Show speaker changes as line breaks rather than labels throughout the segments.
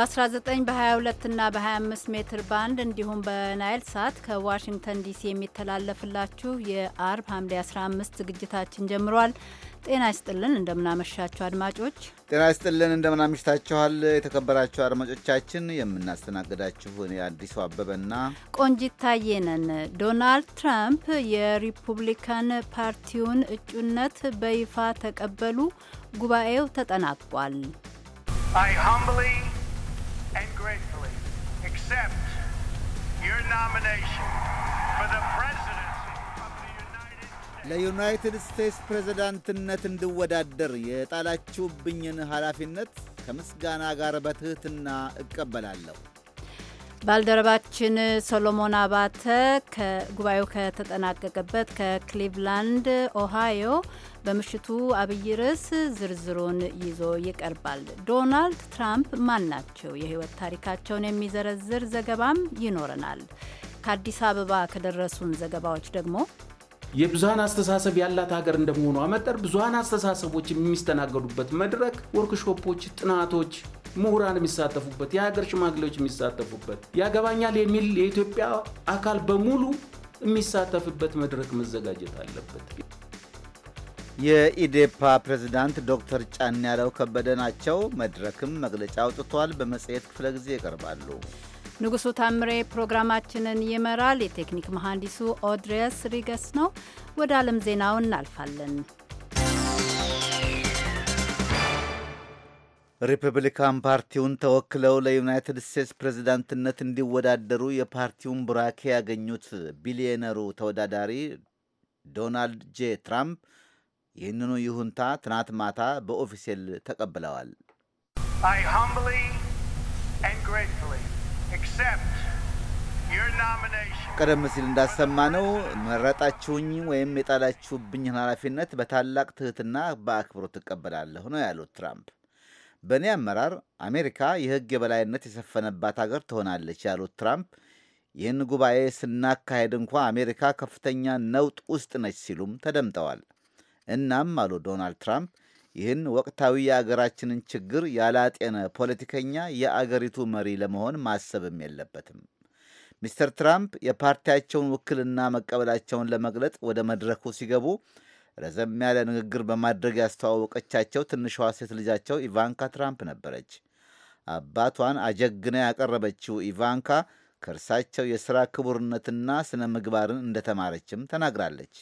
በ19 በ22 እና በ25 ሜትር ባንድ እንዲሁም በናይል ሳት ከዋሽንግተን ዲሲ የሚተላለፍላችሁ የአርብ ሐምሌ 15 ዝግጅታችን ጀምሯል። ጤና ይስጥልን፣ እንደምናመሻችሁ አድማጮች።
ጤና ይስጥልን፣ እንደምናምሽታችኋል የተከበራችሁ አድማጮቻችን። የምናስተናግዳችሁ እኔ አዲሱ አበበና
ቆንጂት ታዬ ነን። ዶናልድ ትራምፕ የሪፑብሊካን ፓርቲውን እጩነት በይፋ ተቀበሉ። ጉባኤው ተጠናቋል።
and gratefully accept your nomination for the presidency of the
United States. ለዩናይትድ ስቴትስ ፕሬዝዳንትነት እንድወዳደር የጣላችሁብኝን ኃላፊነት ከምስጋና ጋር በትህትና እቀበላለሁ።
ባልደረባችን ሶሎሞን አባተ ከጉባኤው ከተጠናቀቀበት ከክሊቭላንድ ኦሃዮ በምሽቱ አብይ ርዕስ ዝርዝሩን ይዞ ይቀርባል። ዶናልድ ትራምፕ ማን ናቸው? የህይወት ታሪካቸውን የሚዘረዝር ዘገባም ይኖረናል። ከአዲስ አበባ ከደረሱን ዘገባዎች ደግሞ
የብዙሀን አስተሳሰብ ያላት ሀገር እንደመሆኗ መጠር ብዙሀን አስተሳሰቦች የሚስተናገዱበት መድረክ ወርክሾፖች፣ ጥናቶች ምሁራን የሚሳተፉበት የሀገር ሽማግሌዎች የሚሳተፉበት ያገባኛል የሚል የኢትዮጵያ አካል በሙሉ የሚሳተፍበት መድረክ መዘጋጀት አለበት።
የኢዴፓ ፕሬዝዳንት ዶክተር ጫን ያለው ከበደ ናቸው። መድረክም መግለጫ አውጥቷል። በመጽሔት ክፍለ ጊዜ ይቀርባሉ።
ንጉሱ ታምሬ ፕሮግራማችንን ይመራል። የቴክኒክ መሐንዲሱ ኦድሪያስ ሪገስ ነው። ወደ ዓለም ዜናው እናልፋለን።
ሪፐብሊካን ፓርቲውን ተወክለው ለዩናይትድ ስቴትስ ፕሬዝዳንትነት እንዲወዳደሩ የፓርቲውን ቡራኬ ያገኙት ቢሊዮነሩ ተወዳዳሪ ዶናልድ ጄ ትራምፕ ይህንኑ ይሁንታ ትናት ማታ በኦፊሴል ተቀብለዋል። ቀደም ሲል ነው መረጣችሁኝ ወይም የጣላችሁብኝን ኃላፊነት በታላቅ ትህትና በአክብሮት ትቀበላለሁ ነው ያሉት ትራምፕ። በእኔ አመራር አሜሪካ የሕግ የበላይነት የሰፈነባት አገር ትሆናለች ያሉት ትራምፕ ይህን ጉባኤ ስናካሄድ እንኳ አሜሪካ ከፍተኛ ነውጥ ውስጥ ነች ሲሉም ተደምጠዋል። እናም አሉ ዶናልድ ትራምፕ ይህን ወቅታዊ የአገራችንን ችግር ያላጤነ ፖለቲከኛ የአገሪቱ መሪ ለመሆን ማሰብም የለበትም። ሚስተር ትራምፕ የፓርቲያቸውን ውክልና መቀበላቸውን ለመግለጥ ወደ መድረኩ ሲገቡ ረዘም ያለ ንግግር በማድረግ ያስተዋወቀቻቸው ትንሿ ሴት ልጃቸው ኢቫንካ ትራምፕ ነበረች። አባቷን አጀግና ያቀረበችው ኢቫንካ ከእርሳቸው የሥራ ክቡርነትና ስነ ምግባርን እንደተማረችም ተናግራለች።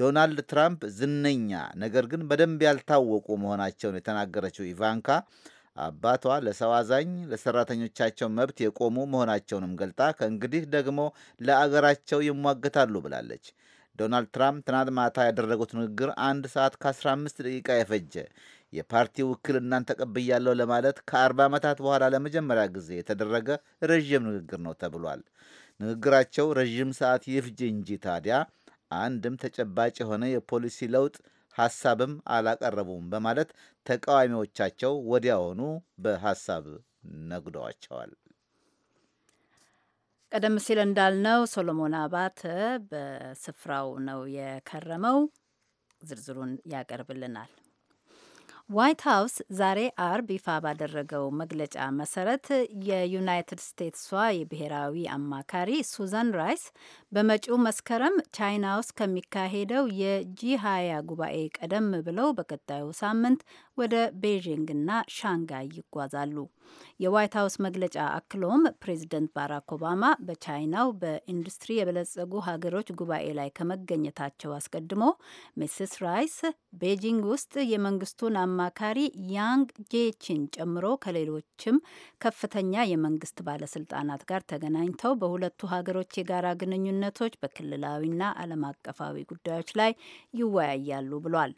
ዶናልድ ትራምፕ ዝነኛ ነገር ግን በደንብ ያልታወቁ መሆናቸውን የተናገረችው ኢቫንካ አባቷ ለሰው አዛኝ፣ ለሰራተኞቻቸው መብት የቆሙ መሆናቸውንም ገልጣ ከእንግዲህ ደግሞ ለአገራቸው ይሟገታሉ ብላለች። ዶናልድ ትራምፕ ትናንት ማታ ያደረጉት ንግግር አንድ ሰዓት ከ15 ደቂቃ የፈጀ የፓርቲ ውክልናን ተቀብያለሁ ለማለት ከ40 ዓመታት በኋላ ለመጀመሪያ ጊዜ የተደረገ ረዥም ንግግር ነው ተብሏል። ንግግራቸው ረዥም ሰዓት ይፍጅ እንጂ ታዲያ አንድም ተጨባጭ የሆነ የፖሊሲ ለውጥ ሀሳብም አላቀረቡም በማለት ተቃዋሚዎቻቸው ወዲያውኑ በሀሳብ ነግደዋቸዋል።
ቀደም ሲል እንዳልነው ሶሎሞን አባተ በስፍራው ነው የከረመው። ዝርዝሩን ያቀርብልናል። ዋይት ሀውስ ዛሬ አርብ ይፋ ባደረገው መግለጫ መሰረት የዩናይትድ ስቴትሷ የብሔራዊ አማካሪ ሱዛን ራይስ በመጪው መስከረም ቻይና ውስጥ ከሚካሄደው የጂ ሀያ ጉባኤ ቀደም ብለው በቀጣዩ ሳምንት ወደ ቤይዥንግና ሻንጋይ ይጓዛሉ። የዋይት ሀውስ መግለጫ አክሎም ፕሬዚደንት ባራክ ኦባማ በቻይናው በኢንዱስትሪ የበለጸጉ ሀገሮች ጉባኤ ላይ ከመገኘታቸው አስቀድሞ ሚስስ ራይስ ቤጂንግ ውስጥ የመንግስቱን አማካሪ ያንግ ጄቺን ጨምሮ ከሌሎችም ከፍተኛ የመንግስት ባለስልጣናት ጋር ተገናኝተው በሁለቱ ሀገሮች የጋራ ግንኙነቶች በክልላዊና ዓለም አቀፋዊ ጉዳዮች ላይ ይወያያሉ ብሏል።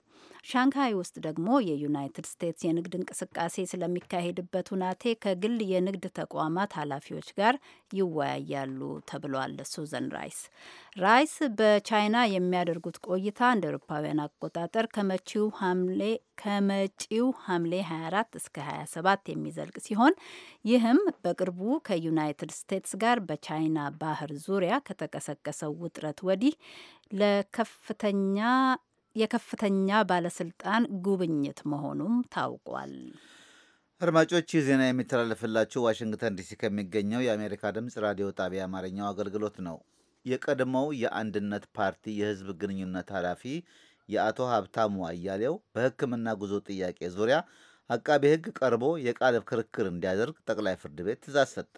ሻንካይ ውስጥ ደግሞ የዩናይትድ ስቴትስ የንግድ እንቅስቃሴ ስለሚካሄድበት ሁናቴ ከግል የንግድ ተቋማት ኃላፊዎች ጋር ይወያያሉ ተብሏል። ሱዘን ራይስ ራይስ በቻይና የሚያደርጉት ቆይታ እንደ አውሮፓውያን አቆጣጠር ከመጪው ሐምሌ ከመጪው ሐምሌ 24 እስከ 27 የሚዘልቅ ሲሆን ይህም በቅርቡ ከዩናይትድ ስቴትስ ጋር በቻይና ባህር ዙሪያ ከተቀሰቀሰው ውጥረት ወዲህ ለከፍተኛ የከፍተኛ ባለስልጣን ጉብኝት መሆኑም ታውቋል።
አድማጮች ይህ ዜና የሚተላለፍላችሁ ዋሽንግተን ዲሲ ከሚገኘው የአሜሪካ ድምፅ ራዲዮ ጣቢያ አማርኛው አገልግሎት ነው። የቀድሞው የአንድነት ፓርቲ የህዝብ ግንኙነት ኃላፊ የአቶ ሀብታሙ አያሌው በሕክምና ጉዞ ጥያቄ ዙሪያ አቃቤ ሕግ ቀርቦ የቃል ክርክር እንዲያደርግ ጠቅላይ ፍርድ ቤት ትእዛዝ ሰጠ።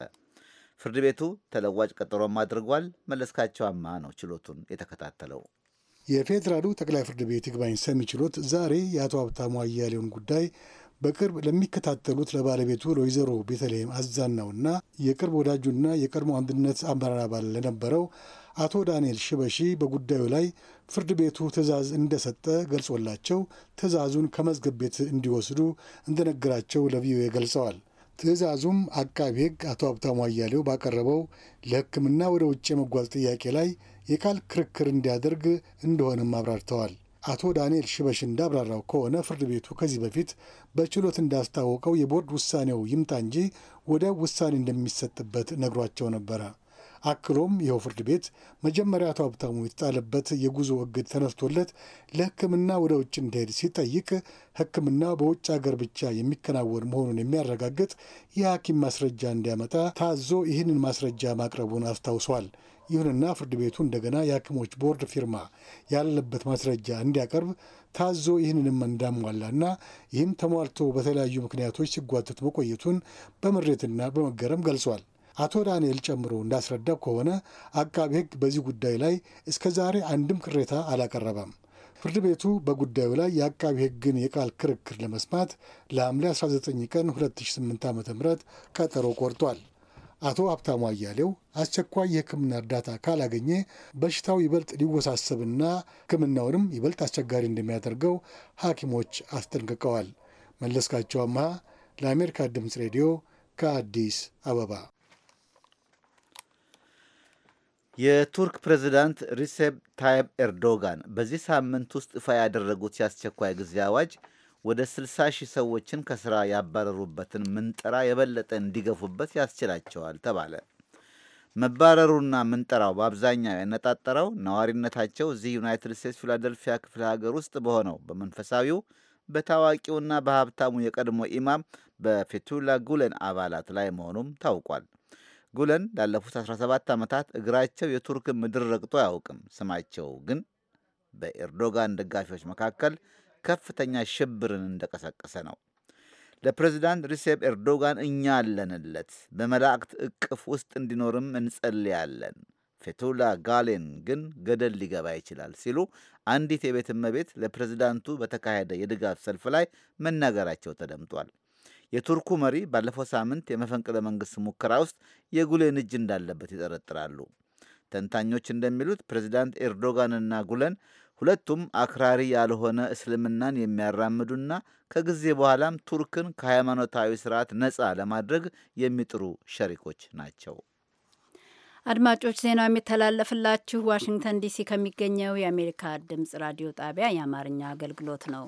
ፍርድ ቤቱ ተለዋጭ ቀጠሮም አድርጓል። መለስካቸው አማ ነው ችሎቱን የተከታተለው።
የፌዴራሉ ጠቅላይ ፍርድ ቤት ይግባኝ ሰሚ ችሎት ዛሬ የአቶ ሀብታሙ አያሌውን ጉዳይ በቅርብ ለሚከታተሉት ለባለቤቱ ለወይዘሮ ቤተልሔም አዛናውና የቅርብ ወዳጁና የቀድሞ አንድነት አመራር አባል ለነበረው አቶ ዳንኤል ሽበሺ በጉዳዩ ላይ ፍርድ ቤቱ ትዕዛዝ እንደሰጠ ገልጾላቸው ትዕዛዙን ከመዝገብ ቤት እንዲወስዱ እንደነገራቸው ለቪኦኤ ገልጸዋል። ትዕዛዙም አቃቢ ሕግ አቶ ሀብታሙ አያሌው ባቀረበው ለሕክምና ወደ ውጭ የመጓዝ ጥያቄ ላይ የቃል ክርክር እንዲያደርግ እንደሆነም አብራርተዋል። አቶ ዳንኤል ሽበሽ እንዳብራራው ከሆነ ፍርድ ቤቱ ከዚህ በፊት በችሎት እንዳስታወቀው የቦርድ ውሳኔው ይምጣ እንጂ ወዲያው ውሳኔ እንደሚሰጥበት ነግሯቸው ነበረ። አክሎም ይኸው ፍርድ ቤት መጀመሪያ አቶ ሀብታሙ የተጣለበት የጉዞ እግድ ተነስቶለት ለሕክምና ወደ ውጭ እንዲሄድ ሲጠይቅ ሕክምና በውጭ ሀገር ብቻ የሚከናወን መሆኑን የሚያረጋግጥ የሐኪም ማስረጃ እንዲያመጣ ታዞ ይህንን ማስረጃ ማቅረቡን አስታውሷል። ይሁንና ፍርድ ቤቱ እንደገና የሐኪሞች ቦርድ ፊርማ ያለበት ማስረጃ እንዲያቀርብ ታዞ ይህንንም እንዳሟላና ይህም ተሟልቶ በተለያዩ ምክንያቶች ሲጓተት መቆየቱን በምሬትና በመገረም ገልጿል። አቶ ዳንኤል ጨምሮ እንዳስረዳው ከሆነ አቃቢ ሕግ በዚህ ጉዳይ ላይ እስከ ዛሬ አንድም ቅሬታ አላቀረበም። ፍርድ ቤቱ በጉዳዩ ላይ የአቃቢ ሕግን የቃል ክርክር ለመስማት ለሐምሌ 19 ቀን 2008 ዓ ም ቀጠሮ ቆርጧል። አቶ ሀብታሙ አያሌው አስቸኳይ የሕክምና እርዳታ ካላገኘ በሽታው ይበልጥ ሊወሳሰብና ሕክምናውንም ይበልጥ አስቸጋሪ እንደሚያደርገው ሐኪሞች አስጠንቅቀዋል። መለስካቸው አምሃ ለአሜሪካ ድምፅ ሬዲዮ ከአዲስ አበባ።
የቱርክ ፕሬዚዳንት ሪሴፕ ታይብ ኤርዶጋን በዚህ ሳምንት ውስጥ ይፋ ያደረጉት የአስቸኳይ ጊዜ አዋጅ ወደ 60 ሺህ ሰዎችን ከስራ ያባረሩበትን ምንጠራ የበለጠ እንዲገፉበት ያስችላቸዋል ተባለ። መባረሩና ምንጠራው በአብዛኛው ያነጣጠረው ነዋሪነታቸው እዚህ ዩናይትድ ስቴትስ ፊላደልፊያ ክፍለ ሀገር ውስጥ በሆነው በመንፈሳዊው በታዋቂውና በሀብታሙ የቀድሞ ኢማም በፌቱላ ጉለን አባላት ላይ መሆኑም ታውቋል። ጉለን ላለፉት 17 ዓመታት እግራቸው የቱርክ ምድር ረግጦ አያውቅም። ስማቸው ግን በኤርዶጋን ደጋፊዎች መካከል ከፍተኛ ሽብርን እንደቀሰቀሰ ነው። ለፕሬዚዳንት ሪሴፕ ኤርዶጋን እኛ አለንለት፣ በመላእክት እቅፍ ውስጥ እንዲኖርም እንጸልያለን። ፌቱላ ጋሌን ግን ገደል ሊገባ ይችላል ሲሉ አንዲት የቤት እመቤት ለፕሬዚዳንቱ በተካሄደ የድጋፍ ሰልፍ ላይ መናገራቸው ተደምጧል። የቱርኩ መሪ ባለፈው ሳምንት የመፈንቅለ መንግሥት ሙከራ ውስጥ የጉሌን እጅ እንዳለበት ይጠረጥራሉ። ተንታኞች እንደሚሉት ፕሬዚዳንት ኤርዶጋንና ጉለን ሁለቱም አክራሪ ያልሆነ እስልምናን የሚያራምዱና ከጊዜ በኋላም ቱርክን ከሃይማኖታዊ ስርዓት ነፃ ለማድረግ የሚጥሩ ሸሪኮች ናቸው።
አድማጮች ዜናው የሚተላለፍላችሁ ዋሽንግተን ዲሲ ከሚገኘው የአሜሪካ ድምጽ ራዲዮ ጣቢያ የአማርኛ አገልግሎት ነው።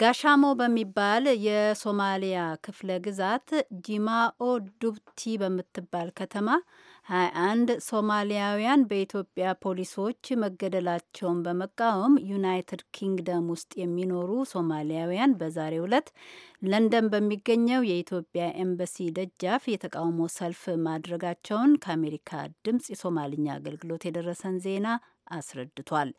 ጋሻሞ በሚባል የሶማሊያ ክፍለ ግዛት ጂማኦ ዱብቲ በምትባል ከተማ 21 ሶማሊያውያን በኢትዮጵያ ፖሊሶች መገደላቸውን በመቃወም ዩናይትድ ኪንግደም ውስጥ የሚኖሩ ሶማሊያውያን በዛሬው ዕለት ለንደን በሚገኘው የኢትዮጵያ ኤምባሲ ደጃፍ የተቃውሞ ሰልፍ ማድረጋቸውን ከአሜሪካ ድምጽ የሶማልኛ አገልግሎት የደረሰን ዜና አስረድቷል።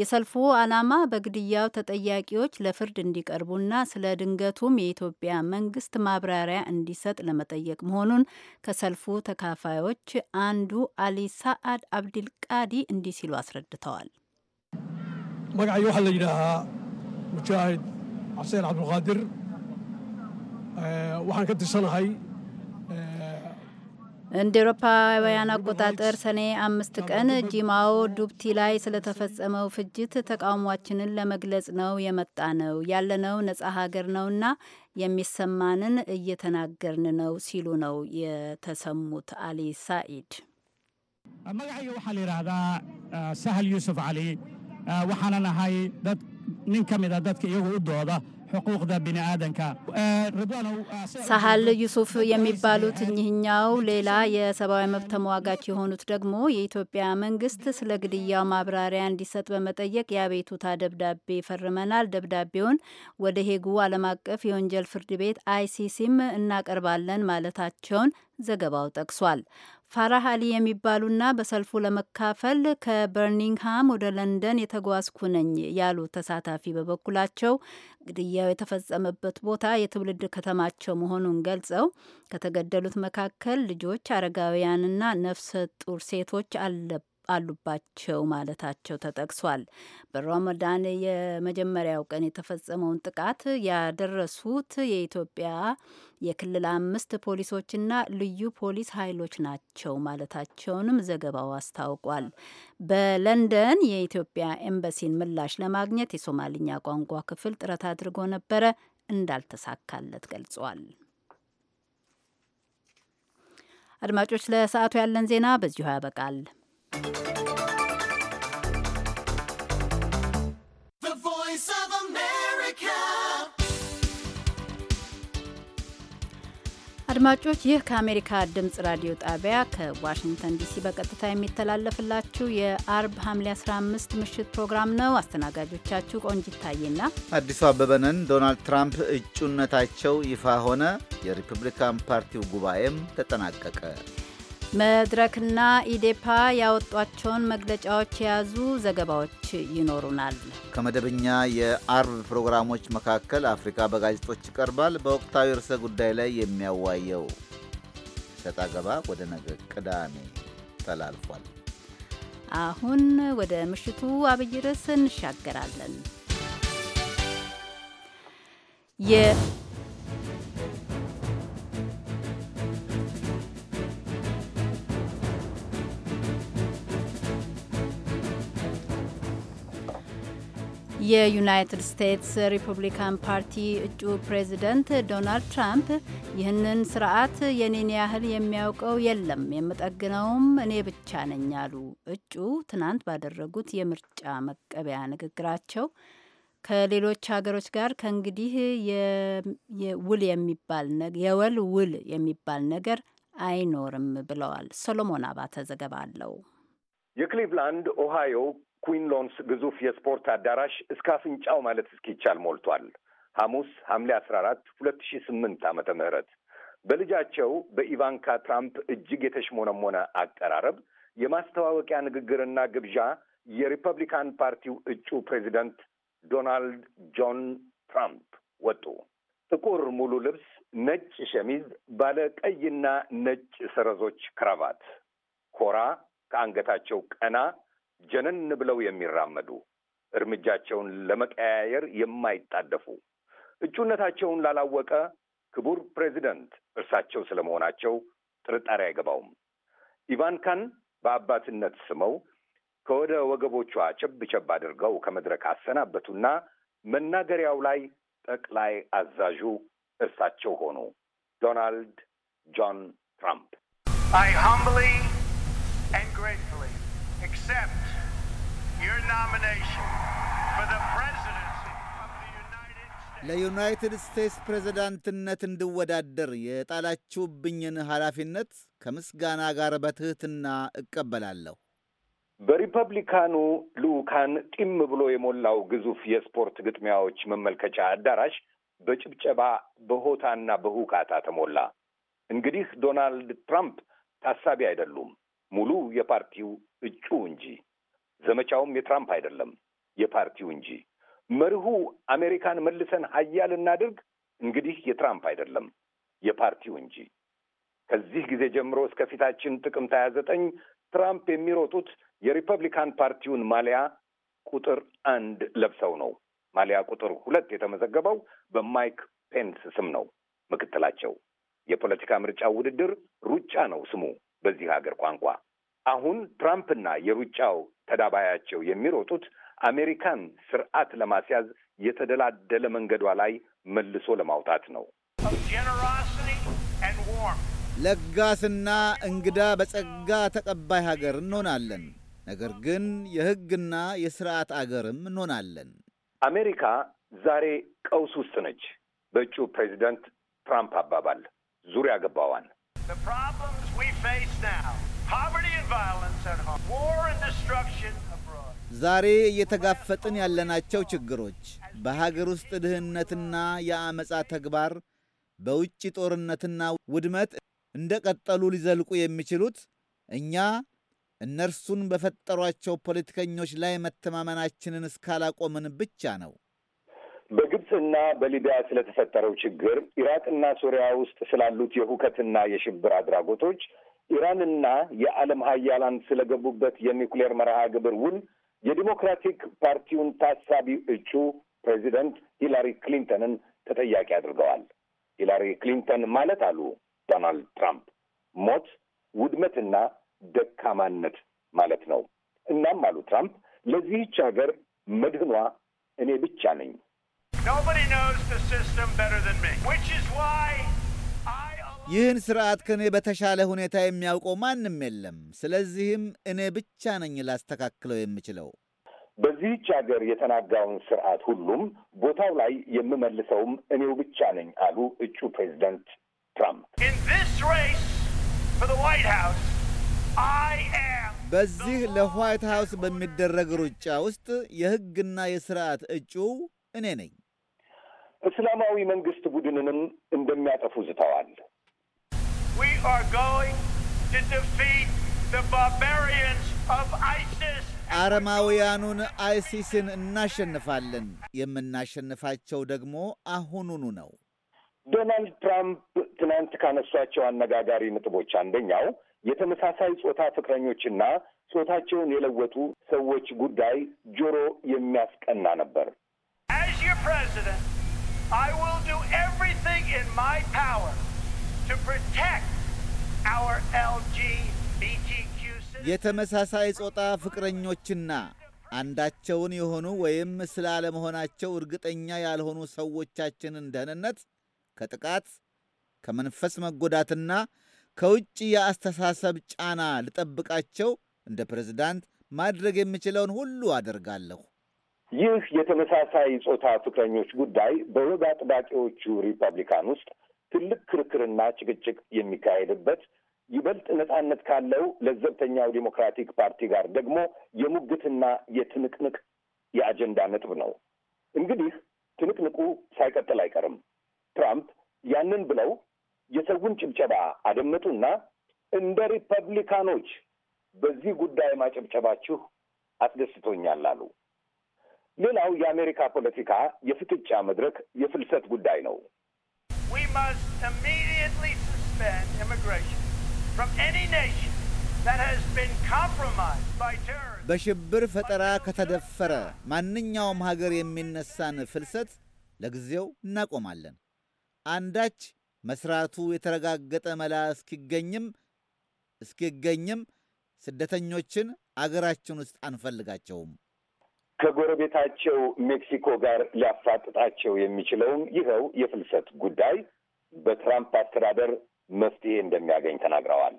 የሰልፉ ዓላማ በግድያው ተጠያቂዎች ለፍርድ እንዲቀርቡና ስለ ድንገቱም የኢትዮጵያ መንግስት ማብራሪያ እንዲሰጥ ለመጠየቅ መሆኑን ከሰልፉ ተካፋዮች አንዱ አሊ ሳአድ አብድልቃዲ እንዲህ ሲሉ አስረድተዋል።
መጋዩ ላ ሙጃሂድ ሐሴን አብዱልቃድር
እንደ ኤሮፓውያን አቆጣጠር ሰኔ አምስት ቀን ጂማኦ ዱብቲ ላይ ስለተፈጸመው ፍጅት ተቃውሟችንን ለመግለጽ ነው የመጣ ነው ያለነው ነጻ ሀገር ነውና የሚሰማንን እየተናገርን ነው ሲሉ ነው የተሰሙት አሊ ሳኢድ።
መጋየ ወሓ ሊራዳ ሳህል ዩሱፍ አሊ ወሓነ ናሃይ ኒን ከሚዳ ዳድከ እየጉ ዶዳ
ሳህል ዩሱፍ የሚባሉት እኚህኛው ሌላ የሰብአዊ መብት ተሟጋች የሆኑት ደግሞ የኢትዮጵያ መንግስት ስለ ግድያው ማብራሪያ እንዲሰጥ በመጠየቅ የአቤቱታ ደብዳቤ ፈርመናል። ደብዳቤውን ወደ ሄጉ ዓለም አቀፍ የወንጀል ፍርድ ቤት አይሲሲም እናቀርባለን ማለታቸውን ዘገባው ጠቅሷል። ፋራህ አሊ የሚባሉና በሰልፉ ለመካፈል ከበርሚንግሃም ወደ ለንደን የተጓዝኩ ነኝ ያሉ ተሳታፊ በበኩላቸው ግድያው የተፈጸመበት ቦታ የትውልድ ከተማቸው መሆኑን ገልጸው ከተገደሉት መካከል ልጆች፣ አረጋውያንና ነፍሰ ጡር ሴቶች አለ። አሉባቸው ማለታቸው ተጠቅሷል። በሮመዳን የመጀመሪያው ቀን የተፈጸመውን ጥቃት ያደረሱት የኢትዮጵያ የክልል አምስት ፖሊሶችና ልዩ ፖሊስ ኃይሎች ናቸው ማለታቸውንም ዘገባው አስታውቋል። በለንደን የኢትዮጵያ ኤምባሲን ምላሽ ለማግኘት የሶማልኛ ቋንቋ ክፍል ጥረት አድርጎ ነበረ፣ እንዳልተሳካለት ገልጿል። አድማጮች፣ ለሰዓቱ ያለን ዜና በዚሁ ያበቃል። አድማጮች ይህ ከአሜሪካ ድምጽ ራዲዮ ጣቢያ ከዋሽንግተን ዲሲ በቀጥታ የሚተላለፍላችሁ የአርብ ሐምሌ 15 ምሽት ፕሮግራም ነው። አስተናጋጆቻችሁ ቆንጂት ታዬና
አዲሱ አበበንን። ዶናልድ ትራምፕ እጩነታቸው ይፋ ሆነ። የሪፐብሊካን ፓርቲው ጉባኤም ተጠናቀቀ።
መድረክና ኢዴፓ ያወጧቸውን መግለጫዎች የያዙ ዘገባዎች ይኖሩናል።
ከመደበኛ የአርብ ፕሮግራሞች መካከል አፍሪካ በጋዜጦች ይቀርባል። በወቅታዊ ርዕሰ ጉዳይ ላይ የሚያዋየው ሰጣ ገባ ወደ ነገ ቅዳሜ ተላልፏል።
አሁን ወደ ምሽቱ አብይ ርዕስ እንሻገራለን። የዩናይትድ ስቴትስ ሪፑብሊካን ፓርቲ እጩ ፕሬዚደንት ዶናልድ ትራምፕ ይህንን ስርዓት የኔን ያህል የሚያውቀው የለም፣ የምጠግነውም እኔ ብቻ ነኝ አሉ። እጩ ትናንት ባደረጉት የምርጫ መቀበያ ንግግራቸው ከሌሎች ሀገሮች ጋር ከእንግዲህ የውል የሚባል የወል ውል የሚባል ነገር አይኖርም ብለዋል። ሶሎሞን አባተ ዘገባ አለው።
የክሊቭላንድ ኦሃዮ ኩዊንሎንስ ግዙፍ የስፖርት አዳራሽ እስከ አፍንጫው ማለት እስኪቻል ሞልቷል። ሐሙስ ሐምሌ አስራ አራት ሁለት ሺ ስምንት ዓመተ ምህረት በልጃቸው በኢቫንካ ትራምፕ እጅግ የተሽሞነሞነ አቀራረብ የማስተዋወቂያ ንግግርና ግብዣ የሪፐብሊካን ፓርቲው እጩ ፕሬዚደንት ዶናልድ ጆን ትራምፕ ወጡ። ጥቁር ሙሉ ልብስ፣ ነጭ ሸሚዝ፣ ባለ ቀይና ነጭ ሰረዞች ክራቫት፣ ኮራ ከአንገታቸው ቀና ጀነን ብለው የሚራመዱ እርምጃቸውን ለመቀያየር የማይጣደፉ እጩነታቸውን ላላወቀ ክቡር ፕሬዚደንት እርሳቸው ስለመሆናቸው ጥርጣሬ አይገባውም። ኢቫንካን በአባትነት ስመው ከወደ ወገቦቿ ቸብ ቸብ አድርገው ከመድረክ አሰናበቱና መናገሪያው ላይ ጠቅላይ አዛዡ እርሳቸው ሆኑ፣ ዶናልድ ጆን ትራምፕ።
accept your nomination for the presidency of the
United States. ለዩናይትድ ስቴትስ ፕሬዝዳንትነት እንድወዳደር የጣላችሁብኝን ኃላፊነት ከምስጋና ጋር በትህትና እቀበላለሁ።
በሪፐብሊካኑ ልዑካን ጢም ብሎ የሞላው ግዙፍ የስፖርት ግጥሚያዎች መመልከቻ አዳራሽ በጭብጨባ በሆታና በሁካታ ተሞላ። እንግዲህ ዶናልድ ትራምፕ ታሳቢ አይደሉም። ሙሉ የፓርቲው እጩ እንጂ ዘመቻውም የትራምፕ አይደለም፣ የፓርቲው እንጂ መርሁ አሜሪካን መልሰን ሀያል እናድርግ እንግዲህ የትራምፕ አይደለም፣ የፓርቲው እንጂ። ከዚህ ጊዜ ጀምሮ እስከ ፊታችን ጥቅምት ሀያ ዘጠኝ ትራምፕ የሚሮጡት የሪፐብሊካን ፓርቲውን ማሊያ ቁጥር አንድ ለብሰው ነው። ማሊያ ቁጥር ሁለት የተመዘገበው በማይክ ፔንስ ስም ነው። ምክትላቸው የፖለቲካ ምርጫ ውድድር ሩጫ ነው ስሙ። በዚህ ሀገር ቋንቋ። አሁን ትራምፕና የሩጫው ተዳባያቸው የሚሮጡት አሜሪካን ስርዓት ለማስያዝ የተደላደለ መንገዷ ላይ መልሶ ለማውጣት ነው።
ለጋስና እንግዳ በጸጋ ተቀባይ ሀገር እንሆናለን። ነገር ግን የሕግና የስርዓት አገርም እንሆናለን።
አሜሪካ ዛሬ ቀውስ ውስጥ ነች። በእጩ ፕሬዚደንት ትራምፕ አባባል ዙሪያ ገባዋን
ዛሬ
እየተጋፈጥን ያለናቸው ችግሮች በሀገር ውስጥ ድህነትና የአመፃ ተግባር፣ በውጭ ጦርነትና ውድመት እንደ ቀጠሉ ሊዘልቁ የሚችሉት እኛ እነርሱን በፈጠሯቸው ፖለቲከኞች ላይ መተማመናችንን እስካላቆምን ብቻ ነው።
በግብፅና በሊቢያ ስለተፈጠረው ችግር፣ ኢራቅና ሱሪያ ውስጥ ስላሉት የሁከትና የሽብር አድራጎቶች፣ ኢራንና የዓለም ሀያላን ስለገቡበት የኒውክሌር መርሃ ግብር ውል የዲሞክራቲክ ፓርቲውን ታሳቢ እጩ ፕሬዚደንት ሂላሪ ክሊንተንን ተጠያቂ አድርገዋል። ሂላሪ ክሊንተን ማለት አሉ ዶናልድ ትራምፕ ሞት፣ ውድመትና ደካማነት ማለት ነው። እናም አሉ ትራምፕ ለዚህች ሀገር መድህኗ እኔ ብቻ ነኝ።
ይህን ስርዓት ከእኔ በተሻለ ሁኔታ የሚያውቀው ማንም የለም። ስለዚህም እኔ ብቻ ነኝ ላስተካክለው የምችለው።
በዚህች ሀገር የተናጋውን ስርዓት ሁሉም ቦታው ላይ የምመልሰውም እኔው ብቻ ነኝ አሉ እጩ ፕሬዚደንት ትራምፕ።
በዚህ ለዋይት ሃውስ በሚደረግ ሩጫ ውስጥ የሕግና የስርዓት እጩ እኔ ነኝ። እስላማዊ መንግስት ቡድንንም እንደሚያጠፉ ዝተዋል። አረማውያኑን አይሲስን እናሸንፋለን። የምናሸንፋቸው ደግሞ አሁኑኑ ነው።
ዶናልድ ትራምፕ ትናንት ካነሷቸው አነጋጋሪ ነጥቦች አንደኛው የተመሳሳይ ጾታ ፍቅረኞችና ጾታቸውን የለወጡ ሰዎች ጉዳይ ጆሮ የሚያስቀና ነበር።
I will do everything in my power to protect our LGBTQ
የተመሳሳይ ጾታ ፍቅረኞችና አንዳቸውን የሆኑ ወይም ስላለመሆናቸው እርግጠኛ ያልሆኑ ሰዎቻችንን ደህንነት ከጥቃት ከመንፈስ መጎዳትና ከውጭ የአስተሳሰብ ጫና ልጠብቃቸው እንደ ፕሬዝዳንት ማድረግ የምችለውን ሁሉ
አደርጋለሁ።
ይህ የተመሳሳይ ጾታ ፍቅረኞች ጉዳይ በወግ አጥባቂዎቹ ሪፐብሊካን ውስጥ ትልቅ ክርክርና ጭቅጭቅ የሚካሄድበት ይበልጥ ነጻነት ካለው ለዘብተኛው ዲሞክራቲክ ፓርቲ ጋር ደግሞ የሙግትና የትንቅንቅ የአጀንዳ ነጥብ ነው። እንግዲህ ትንቅንቁ ሳይቀጥል አይቀርም። ትራምፕ ያንን ብለው የሰውን ጭብጨባ አደመጡና እንደ ሪፐብሊካኖች በዚህ ጉዳይ ማጨብጨባችሁ አስደስቶኛል አሉ። ሌላው የአሜሪካ ፖለቲካ የፍጥጫ መድረክ የፍልሰት ጉዳይ ነው።
በሽብር ፈጠራ ከተደፈረ ማንኛውም ሀገር የሚነሳን ፍልሰት ለጊዜው እናቆማለን። አንዳች መስራቱ የተረጋገጠ መላ እስኪገኝም እስኪገኝም ስደተኞችን አገራችን ውስጥ አንፈልጋቸውም።
ከጎረቤታቸው ሜክሲኮ ጋር ሊያፋጥጣቸው የሚችለውም ይኸው የፍልሰት ጉዳይ በትራምፕ አስተዳደር መፍትሄ እንደሚያገኝ ተናግረዋል።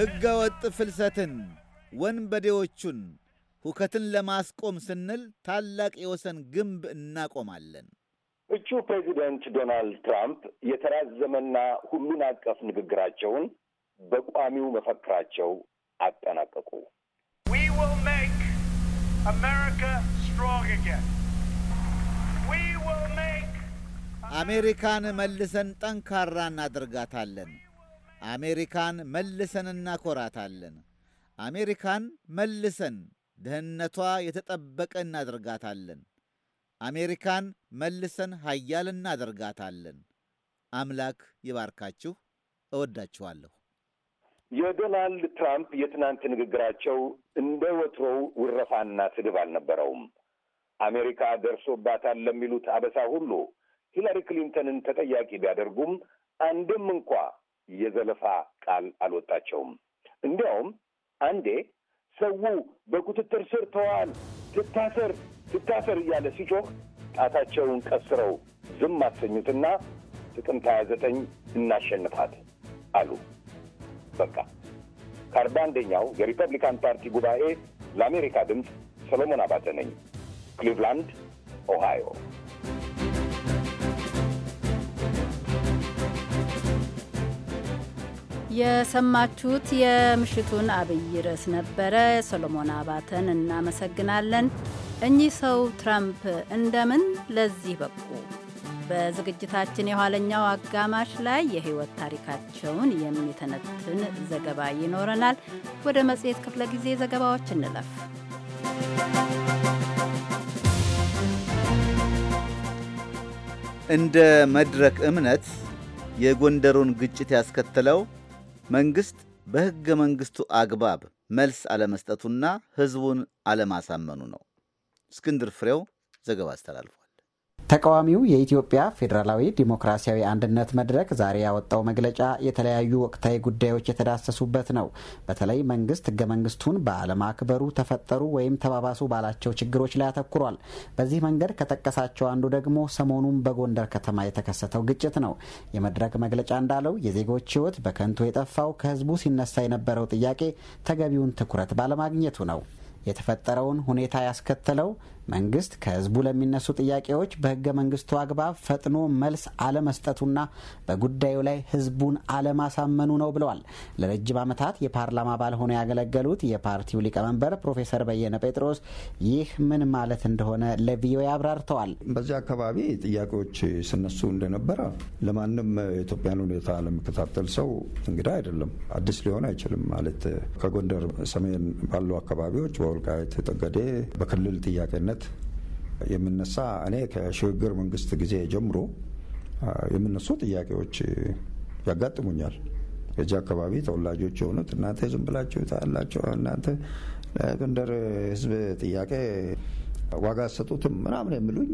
ሕገ ወጥ ፍልሰትን፣ ወንበዴዎቹን፣ ሁከትን ለማስቆም ስንል ታላቅ የወሰን ግንብ እናቆማለን።
እጩ ፕሬዚደንት ዶናልድ ትራምፕ የተራዘመና ሁሉን አቀፍ ንግግራቸውን በቋሚው መፈክራቸው አጠናቀቁ።
አሜሪካን መልሰን ጠንካራ እናደርጋታለን። አሜሪካን መልሰን እናኮራታለን። አሜሪካን መልሰን ደህንነቷ የተጠበቀ እናደርጋታለን። አሜሪካን መልሰን ሀያል እናደርጋታለን። አምላክ ይባርካችሁ። እወዳችኋለሁ።
የዶናልድ ትራምፕ የትናንት ንግግራቸው እንደ ወትሮው ውረፋና ስድብ አልነበረውም። አሜሪካ ደርሶባታል ለሚሉት አበሳ ሁሉ ሂላሪ ክሊንተንን ተጠያቂ ቢያደርጉም አንድም እንኳ የዘለፋ ቃል አልወጣቸውም። እንዲያውም አንዴ ሰው በቁጥጥር ስር ተዋል፣ ትታሰር፣ ትታሰር እያለ ሲጮህ ጣታቸውን ቀስረው ዝም አሰኙትና ጥቅምት 29 እናሸንፋት አሉ። በቃ ከአርባ አንደኛው የሪፐብሊካን ፓርቲ ጉባኤ ለአሜሪካ ድምፅ ሰሎሞን አባተ ነኝ፣ ክሊቭላንድ ኦሃዮ።
የሰማችሁት የምሽቱን አብይ ርዕስ ነበረ። ሰሎሞን አባተን እናመሰግናለን። እኚህ ሰው ትራምፕ እንደምን ለዚህ በቁ? በዝግጅታችን የኋለኛው አጋማሽ ላይ የህይወት ታሪካቸውን የሚተነትን ዘገባ ይኖረናል። ወደ መጽሔት ክፍለ ጊዜ ዘገባዎች እንለፍ።
እንደ መድረክ እምነት የጎንደሩን ግጭት ያስከተለው መንግሥት በሕገ መንግሥቱ አግባብ መልስ አለመስጠቱና ሕዝቡን አለማሳመኑ ነው። እስክንድር ፍሬው ዘገባ አስተላልፏል።
ተቃዋሚው የኢትዮጵያ ፌዴራላዊ ዲሞክራሲያዊ አንድነት መድረክ ዛሬ ያወጣው መግለጫ የተለያዩ ወቅታዊ ጉዳዮች የተዳሰሱበት ነው። በተለይ መንግስት ህገ መንግስቱን ባለማክበሩ ተፈጠሩ ወይም ተባባሱ ባላቸው ችግሮች ላይ አተኩሯል። በዚህ መንገድ ከጠቀሳቸው አንዱ ደግሞ ሰሞኑን በጎንደር ከተማ የተከሰተው ግጭት ነው። የመድረክ መግለጫ እንዳለው የዜጎች ህይወት በከንቱ የጠፋው ከህዝቡ ሲነሳ የነበረው ጥያቄ ተገቢውን ትኩረት ባለማግኘቱ ነው። የተፈጠረውን ሁኔታ ያስከተለው መንግስት ከህዝቡ ለሚነሱ ጥያቄዎች በህገ መንግስቱ አግባብ ፈጥኖ መልስ አለመስጠቱና በጉዳዩ ላይ ህዝቡን አለማሳመኑ ነው ብለዋል። ለረጅም ዓመታት የፓርላማ አባል ሆነው ያገለገሉት የፓርቲው ሊቀመንበር ፕሮፌሰር በየነ ጴጥሮስ ይህ ምን ማለት እንደሆነ ለቪኦኤ አብራርተዋል። በዚህ አካባቢ ጥያቄዎች ስነሱ እንደነበረ ለማንም የኢትዮጵያን ሁኔታ ለሚከታተል ሰው እንግዳ
አይደለም፣ አዲስ ሊሆን አይችልም። ማለት ከጎንደር ሰሜን ባሉ አካባቢዎች በወልቃይት ጠገዴ በክልል ጥያቄነት በዋናነት የምነሳ እኔ ከሽግግር መንግስት ጊዜ ጀምሮ የምነሱ ጥያቄዎች ያጋጥሙኛል። የዚህ አካባቢ ተወላጆች የሆኑት እናንተ ዝም ብላችሁ ታያላቸው፣ እናንተ ለጎንደር ህዝብ ጥያቄ ዋጋ ሰጡትም ምናምን የሚሉኝ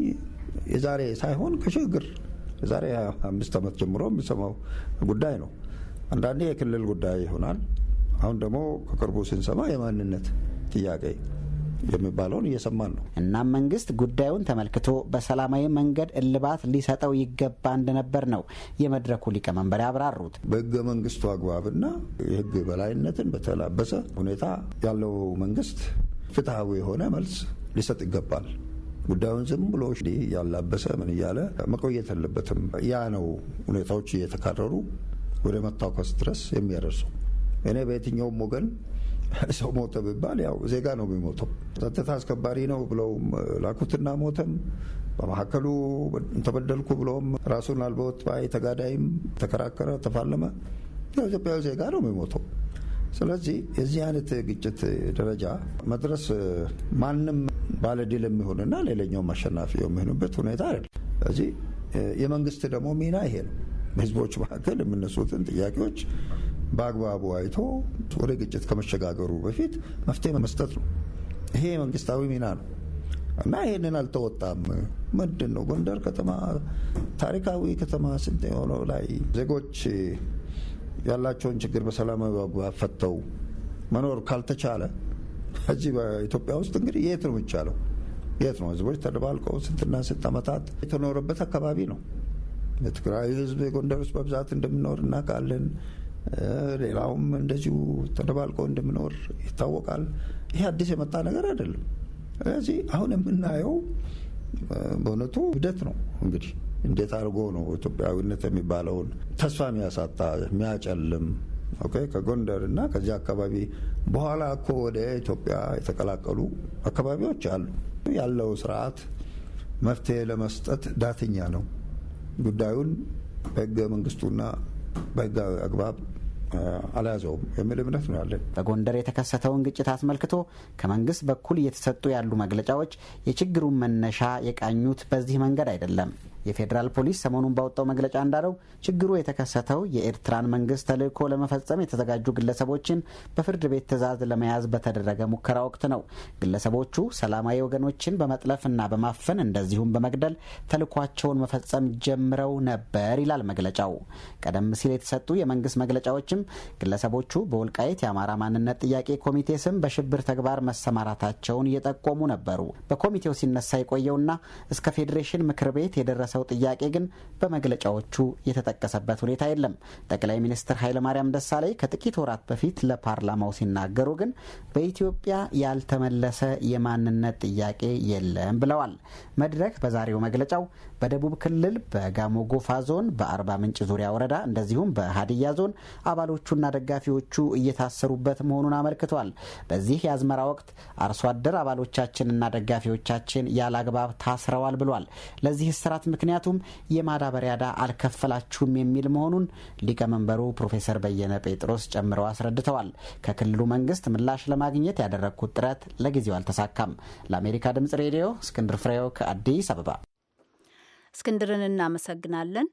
የዛሬ ሳይሆን ከሽግግር የዛሬ አምስት ዓመት ጀምሮ የሚሰማው ጉዳይ ነው። አንዳንዴ የክልል
ጉዳይ ይሆናል። አሁን ደግሞ ከቅርቡ ስንሰማ የማንነት ጥያቄ የሚባለውን እየሰማን ነው። እናም መንግስት ጉዳዩን ተመልክቶ በሰላማዊ መንገድ እልባት ሊሰጠው ይገባ እንደነበር ነው የመድረኩ ሊቀመንበር ያብራሩት። በህገ መንግስቱ አግባብና
የህግ በላይነትን በተላበሰ ሁኔታ ያለው መንግስት ፍትሐዊ የሆነ መልስ ሊሰጥ ይገባል። ጉዳዩን ዝም ብሎ ያላበሰ ምን እያለ መቆየት የለበትም። ያ ነው ሁኔታዎች እየተካረሩ ወደ መታኮስ ድረስ የሚያደርሰው። እኔ በየትኛውም ወገን ሰው ሞተ ብባል ያው ዜጋ ነው የሚሞተው። ጸጥታ አስከባሪ ነው ብለው ላኩትና ሞተም በመካከሉ ተበደልኩ ብሎም ራሱን አልበወት ባይ ተጋዳይም ተከራከረ፣ ተፋለመ። ኢትዮጵያዊ ዜጋ ነው የሚሞተው። ስለዚህ የዚህ አይነት ግጭት ደረጃ መድረስ ማንም ባለድል የሚሆንና ሌላኛውም አሸናፊ የሚሆንበት ሁኔታ አይደለም። ስለዚህ የመንግስት ደግሞ ሚና ይሄ ነው። በህዝቦች መካከል የሚነሱትን ጥያቄዎች በአግባቡ አይቶ ወደ ግጭት ከመሸጋገሩ በፊት መፍትሄ መስጠት ነው። ይሄ መንግስታዊ ሚና ነው እና ይህንን አልተወጣም። ምንድን ነው ጎንደር ከተማ ታሪካዊ ከተማ ስንት የሆነው ላይ ዜጎች ያላቸውን ችግር በሰላማዊ አግባብ ፈተው መኖር ካልተቻለ እዚህ በኢትዮጵያ ውስጥ እንግዲህ የት ነው የሚቻለው? የት ነው ህዝቦች ተደባልቀው ስንትና ስንት ዓመታት የተኖረበት አካባቢ ነው። የትግራይ ህዝብ የጎንደር ውስጥ በብዛት እንደምኖር እናውቃለን። ሌላውም እንደዚሁ ተደባልቆ እንደምኖር ይታወቃል። ይህ አዲስ የመጣ ነገር አይደለም። ስለዚህ አሁን የምናየው በእውነቱ ውህደት ነው። እንግዲህ እንዴት አድርጎ ነው ኢትዮጵያዊነት የሚባለውን ተስፋ የሚያሳጣ የሚያጨልም ከጎንደር እና ከዚህ አካባቢ በኋላ እኮ ወደ ኢትዮጵያ የተቀላቀሉ አካባቢዎች አሉ። ያለው ስርዓት መፍትሄ ለመስጠት ዳተኛ ነው።
ጉዳዩን በህገ መንግስቱና በህጋዊ አግባብ አልያዘውም የሚል እምነት ነው ያለን። በጎንደር የተከሰተውን ግጭት አስመልክቶ ከመንግስት በኩል እየተሰጡ ያሉ መግለጫዎች የችግሩን መነሻ የቃኙት በዚህ መንገድ አይደለም። የፌዴራል ፖሊስ ሰሞኑን ባወጣው መግለጫ እንዳለው ችግሩ የተከሰተው የኤርትራን መንግስት ተልዕኮ ለመፈጸም የተዘጋጁ ግለሰቦችን በፍርድ ቤት ትዕዛዝ ለመያዝ በተደረገ ሙከራ ወቅት ነው። ግለሰቦቹ ሰላማዊ ወገኖችን በመጥለፍና በማፈን እንደዚሁም በመግደል ተልዕኳቸውን መፈጸም ጀምረው ነበር ይላል መግለጫው። ቀደም ሲል የተሰጡ የመንግስት መግለጫዎችም ግለሰቦቹ በወልቃየት የአማራ ማንነት ጥያቄ ኮሚቴ ስም በሽብር ተግባር መሰማራታቸውን እየጠቆሙ ነበሩ። በኮሚቴው ሲነሳ የቆየውና እስከ ፌዴሬሽን ምክር ቤት የደረሰ የደረሰው ጥያቄ ግን በመግለጫዎቹ የተጠቀሰበት ሁኔታ የለም። ጠቅላይ ሚኒስትር ኃይለማርያም ደሳለኝ ከጥቂት ወራት በፊት ለፓርላማው ሲናገሩ ግን በኢትዮጵያ ያልተመለሰ የማንነት ጥያቄ የለም ብለዋል። መድረክ በዛሬው መግለጫው በደቡብ ክልል በጋሞ ጎፋ ዞን በአርባ ምንጭ ዙሪያ ወረዳ እንደዚሁም በሀዲያ ዞን አባሎቹና ደጋፊዎቹ እየታሰሩበት መሆኑን አመልክቷል። በዚህ የአዝመራ ወቅት አርሶ አደር አባሎቻችንና ደጋፊዎቻችን ያለ አግባብ ታስረዋል ብሏል። ለዚህ እስራት ምክንያቱም የማዳበሪያ ዕዳ አልከፈላችሁም የሚል መሆኑን ሊቀመንበሩ ፕሮፌሰር በየነ ጴጥሮስ ጨምረው አስረድተዋል። ከክልሉ መንግስት ምላሽ ለማግኘት ያደረግኩት ጥረት ለጊዜው አልተሳካም። ለአሜሪካ ድምጽ ሬዲዮ እስክንድር ፍሬው ከአዲስ አበባ።
እስክንድርን እናመሰግናለን።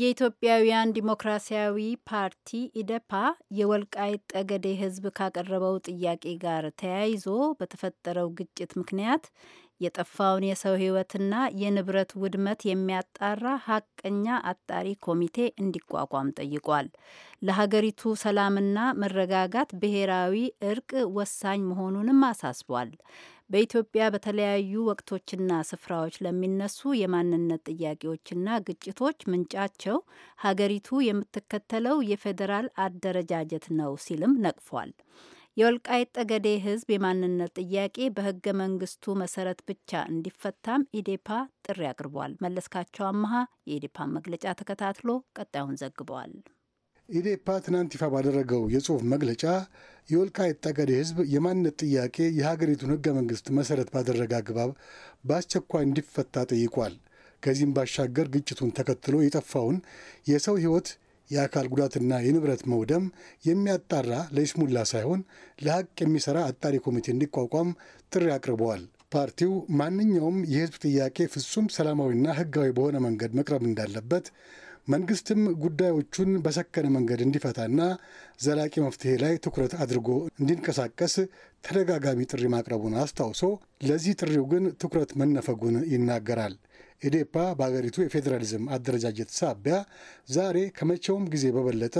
የኢትዮጵያውያን ዲሞክራሲያዊ ፓርቲ ኢደፓ የወልቃይት ጠገዴ ሕዝብ ካቀረበው ጥያቄ ጋር ተያይዞ በተፈጠረው ግጭት ምክንያት የጠፋውን የሰው ህይወትና የንብረት ውድመት የሚያጣራ ሀቀኛ አጣሪ ኮሚቴ እንዲቋቋም ጠይቋል። ለሀገሪቱ ሰላምና መረጋጋት ብሔራዊ እርቅ ወሳኝ መሆኑንም አሳስቧል። በኢትዮጵያ በተለያዩ ወቅቶችና ስፍራዎች ለሚነሱ የማንነት ጥያቄዎችና ግጭቶች ምንጫቸው ሀገሪቱ የምትከተለው የፌዴራል አደረጃጀት ነው ሲልም ነቅፏል። የወልቃይት ጠገዴ ህዝብ የማንነት ጥያቄ በህገ መንግስቱ መሰረት ብቻ እንዲፈታም ኢዴፓ ጥሪ አቅርቧል። መለስካቸው አመሃ የኢዴፓን መግለጫ ተከታትሎ ቀጣዩን ዘግበዋል።
ኢዴፓ ትናንት ይፋ ባደረገው የጽሑፍ መግለጫ የወልቃይት ጠገዴ ህዝብ የማንነት ጥያቄ የሀገሪቱን ህገ መንግስት መሰረት ባደረገ አግባብ በአስቸኳይ እንዲፈታ ጠይቋል። ከዚህም ባሻገር ግጭቱን ተከትሎ የጠፋውን የሰው ህይወት የአካል ጉዳትና የንብረት መውደም የሚያጣራ ለይስሙላ ሳይሆን ለሀቅ የሚሰራ አጣሪ ኮሚቴ እንዲቋቋም ጥሪ አቅርበዋል። ፓርቲው ማንኛውም የህዝብ ጥያቄ ፍጹም ሰላማዊና ህጋዊ በሆነ መንገድ መቅረብ እንዳለበት መንግስትም ጉዳዮቹን በሰከነ መንገድ እንዲፈታና ዘላቂ መፍትሄ ላይ ትኩረት አድርጎ እንዲንቀሳቀስ ተደጋጋሚ ጥሪ ማቅረቡን አስታውሶ ለዚህ ጥሪው ግን ትኩረት መነፈጉን ይናገራል። ኢዴፓ በአገሪቱ የፌዴራሊዝም አደረጃጀት ሳቢያ ዛሬ ከመቼውም ጊዜ በበለጠ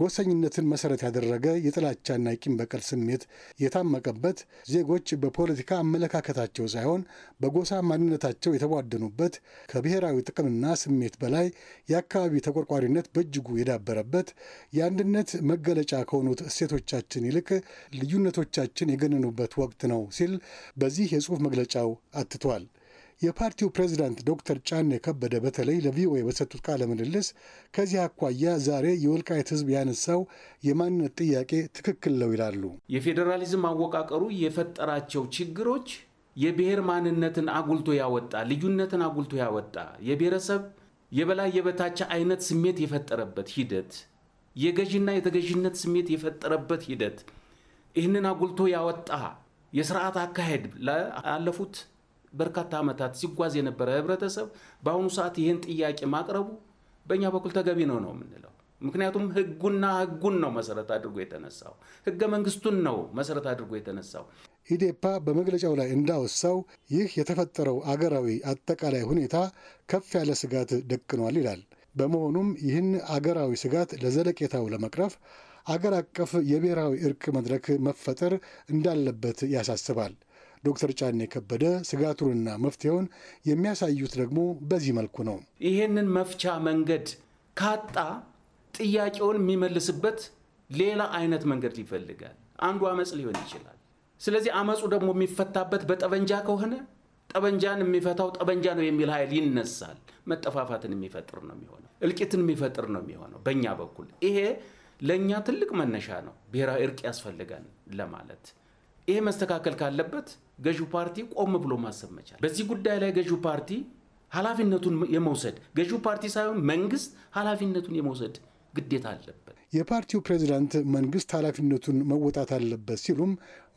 ጎሰኝነትን መሰረት ያደረገ የጥላቻና የቂም በቀል ስሜት የታመቀበት ዜጎች በፖለቲካ አመለካከታቸው ሳይሆን በጎሳ ማንነታቸው የተቧደኑበት ከብሔራዊ ጥቅምና ስሜት በላይ የአካባቢ ተቆርቋሪነት በእጅጉ የዳበረበት የአንድነት መገለጫ ከሆኑት እሴቶቻችን ይልቅ ልዩነቶቻችን የገነኑበት ወቅት ነው ሲል በዚህ የጽሑፍ መግለጫው አትቷል። የፓርቲው ፕሬዚዳንት ዶክተር ጫኔ ከበደ በተለይ ለቪኦኤ በሰጡት ቃለ ምልልስ ከዚህ አኳያ ዛሬ የወልቃይት ሕዝብ ያነሳው የማንነት ጥያቄ ትክክል ነው ይላሉ።
የፌዴራሊዝም አወቃቀሩ የፈጠራቸው ችግሮች የብሔር ማንነትን አጉልቶ ያወጣ፣ ልዩነትን አጉልቶ ያወጣ፣ የብሔረሰብ የበላይ የበታች አይነት ስሜት የፈጠረበት ሂደት፣ የገዥና የተገዥነት ስሜት የፈጠረበት ሂደት ይህንን አጉልቶ ያወጣ የስርዓት አካሄድ ላለፉት በርካታ ዓመታት ሲጓዝ የነበረ ህብረተሰብ በአሁኑ ሰዓት ይህን ጥያቄ ማቅረቡ በእኛ በኩል ተገቢ ነው ነው የምንለው። ምክንያቱም ህጉና ህጉን ነው መሰረት አድርጎ የተነሳው፣ ህገ መንግስቱን ነው መሰረት አድርጎ የተነሳው።
ኢዴፓ በመግለጫው ላይ እንዳወሳው ይህ የተፈጠረው አገራዊ አጠቃላይ ሁኔታ ከፍ ያለ ስጋት ደቅኗል ይላል። በመሆኑም ይህን አገራዊ ስጋት ለዘለቄታው ለመቅረፍ አገር አቀፍ የብሔራዊ እርቅ መድረክ መፈጠር እንዳለበት ያሳስባል። ዶክተር ጫኔ ከበደ ስጋቱንና መፍትሄውን የሚያሳዩት ደግሞ በዚህ መልኩ ነው።
ይህንን መፍቻ መንገድ ካጣ ጥያቄውን የሚመልስበት ሌላ አይነት መንገድ ይፈልጋል። አንዱ አመፅ ሊሆን ይችላል። ስለዚህ አመፁ ደግሞ የሚፈታበት በጠበንጃ ከሆነ ጠበንጃን የሚፈታው ጠበንጃ ነው የሚል ኃይል ይነሳል። መጠፋፋትን የሚፈጥር ነው የሚሆነው፣ እልቂትን የሚፈጥር ነው የሚሆነው። በእኛ በኩል ይሄ ለእኛ ትልቅ መነሻ ነው። ብሔራዊ እርቅ ያስፈልጋል ለማለት ይሄ መስተካከል ካለበት ገዢው ፓርቲ ቆም ብሎ ማሰብ መቻል፣ በዚህ ጉዳይ ላይ ገዢው ፓርቲ ኃላፊነቱን የመውሰድ ገዢው ፓርቲ ሳይሆን መንግስት ኃላፊነቱን የመውሰድ ግዴታ አለበት።
የፓርቲው ፕሬዚዳንት መንግስት ኃላፊነቱን መወጣት አለበት ሲሉም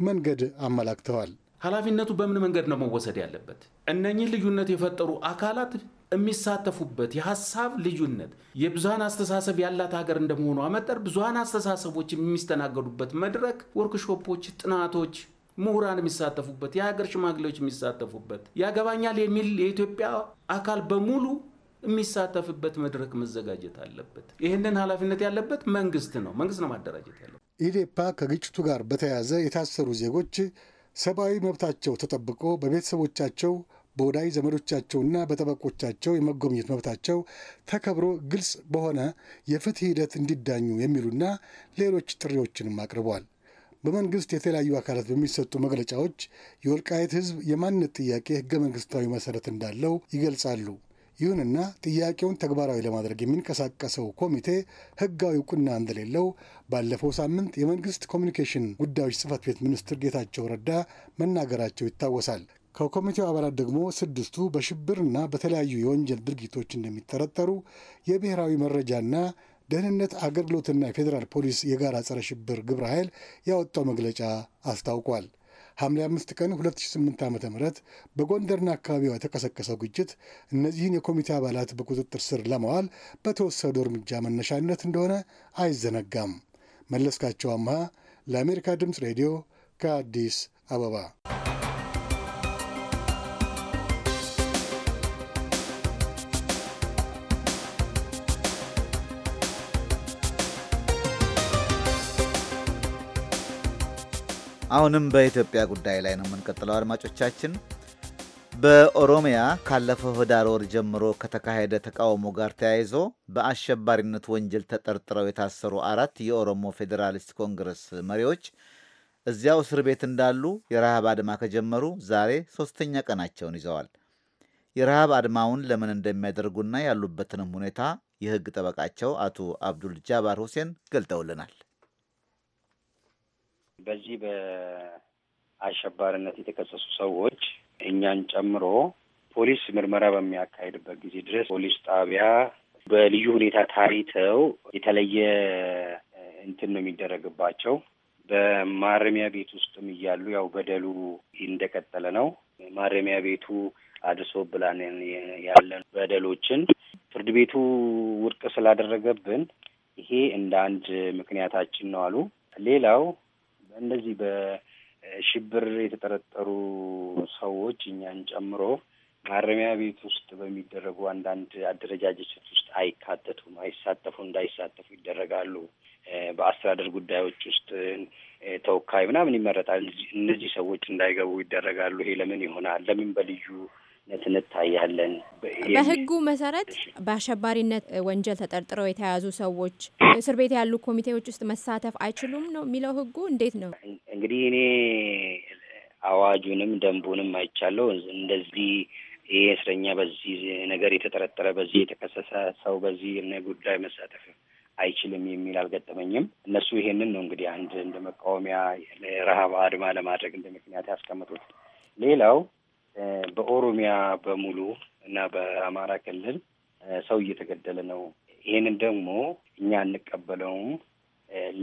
መንገድ አመላክተዋል።
ኃላፊነቱ በምን መንገድ ነው መወሰድ ያለበት? እነኚህ ልዩነት የፈጠሩ አካላት የሚሳተፉበት የሀሳብ ልዩነት የብዙሀን አስተሳሰብ ያላት ሀገር እንደመሆኗ መጠን ብዙሀን አስተሳሰቦች የሚስተናገዱበት መድረክ ወርክሾፖች፣ ጥናቶች ምሁራን የሚሳተፉበት የሀገር ሽማግሌዎች የሚሳተፉበት ያገባኛል የሚል የኢትዮጵያ አካል በሙሉ የሚሳተፍበት መድረክ መዘጋጀት አለበት። ይህንን ኃላፊነት ያለበት መንግስት ነው። መንግስት ነው ማደራጀት
ያለበት። ኢዴፓ ከግጭቱ ጋር በተያያዘ የታሰሩ ዜጎች ሰብአዊ መብታቸው ተጠብቆ በቤተሰቦቻቸው በወዳጅ ዘመዶቻቸውና በጠበቆቻቸው የመጎብኘት መብታቸው ተከብሮ ግልጽ በሆነ የፍትህ ሂደት እንዲዳኙ የሚሉና ሌሎች ጥሪዎችንም አቅርቧል። በመንግስት የተለያዩ አካላት በሚሰጡ መግለጫዎች የወልቃየት ህዝብ የማንነት ጥያቄ ህገ መንግስታዊ መሰረት እንዳለው ይገልጻሉ። ይሁንና ጥያቄውን ተግባራዊ ለማድረግ የሚንቀሳቀሰው ኮሚቴ ህጋዊ እውቅና እንደሌለው ባለፈው ሳምንት የመንግስት ኮሚኒኬሽን ጉዳዮች ጽህፈት ቤት ሚኒስትር ጌታቸው ረዳ መናገራቸው ይታወሳል። ከኮሚቴው አባላት ደግሞ ስድስቱ በሽብርና በተለያዩ የወንጀል ድርጊቶች እንደሚጠረጠሩ የብሔራዊ መረጃና ደህንነት አገልግሎትና የፌዴራል ፖሊስ የጋራ ጸረ ሽብር ግብረ ኃይል ያወጣው መግለጫ አስታውቋል። ሐምሌ 5 ቀን 2008 ዓ ም በጎንደርና አካባቢዋ የተቀሰቀሰው ግጭት እነዚህን የኮሚቴ አባላት በቁጥጥር ስር ለማዋል በተወሰዱ እርምጃ መነሻነት እንደሆነ አይዘነጋም። መለስካቸው አምሃ ለአሜሪካ ድምፅ ሬዲዮ ከአዲስ አበባ
አሁንም በኢትዮጵያ ጉዳይ ላይ ነው የምንቀጥለው አድማጮቻችን። በኦሮሚያ ካለፈው ህዳር ወር ጀምሮ ከተካሄደ ተቃውሞ ጋር ተያይዞ በአሸባሪነት ወንጀል ተጠርጥረው የታሰሩ አራት የኦሮሞ ፌዴራሊስት ኮንግረስ መሪዎች እዚያው እስር ቤት እንዳሉ የረሃብ አድማ ከጀመሩ ዛሬ ሦስተኛ ቀናቸውን ይዘዋል። የረሃብ አድማውን ለምን እንደሚያደርጉና ያሉበትንም ሁኔታ የህግ ጠበቃቸው አቶ አብዱል ጃባር ሁሴን ገልጠውልናል።
በዚህ በአሸባሪነት የተከሰሱ ሰዎች እኛን ጨምሮ ፖሊስ ምርመራ በሚያካሄድበት ጊዜ ድረስ ፖሊስ ጣቢያ በልዩ ሁኔታ ታይተው የተለየ እንትን ነው የሚደረግባቸው። በማረሚያ ቤት ውስጥም እያሉ ያው በደሉ እንደቀጠለ ነው። ማረሚያ ቤቱ አድሶ ብላን ያለን በደሎችን ፍርድ ቤቱ ውድቅ ስላደረገብን ይሄ እንደ አንድ ምክንያታችን ነው አሉ። ሌላው እንደዚህ በሽብር የተጠረጠሩ ሰዎች እኛን ጨምሮ ማረሚያ ቤት ውስጥ በሚደረጉ አንዳንድ አደረጃጀቶች ውስጥ አይካተቱም፣ አይሳተፉ እንዳይሳተፉ ይደረጋሉ። በአስተዳደር ጉዳዮች ውስጥ ተወካይ ምናምን ይመረጣል። እነዚህ ሰዎች እንዳይገቡ ይደረጋሉ። ይሄ ለምን ይሆናል? ለምን በልዩ እንታያለን። በህጉ
መሰረት
በአሸባሪነት ወንጀል ተጠርጥረው የተያዙ ሰዎች እስር ቤት ያሉ ኮሚቴዎች ውስጥ መሳተፍ አይችሉም ነው የሚለው ህጉ። እንዴት ነው
እንግዲህ እኔ አዋጁንም ደንቡንም አይቻለው እንደዚህ ይሄ እስረኛ በዚህ ነገር የተጠረጠረ በዚህ የተከሰሰ ሰው በዚህ ጉዳይ መሳተፍ አይችልም የሚል አልገጠመኝም። እነሱ ይሄንን ነው እንግዲህ አንድ እንደ መቃወሚያ ረሃብ አድማ ለማድረግ እንደ ምክንያት ያስቀምጡት። ሌላው በኦሮሚያ በሙሉ እና በአማራ ክልል ሰው እየተገደለ ነው። ይህንን ደግሞ እኛ እንቀበለውም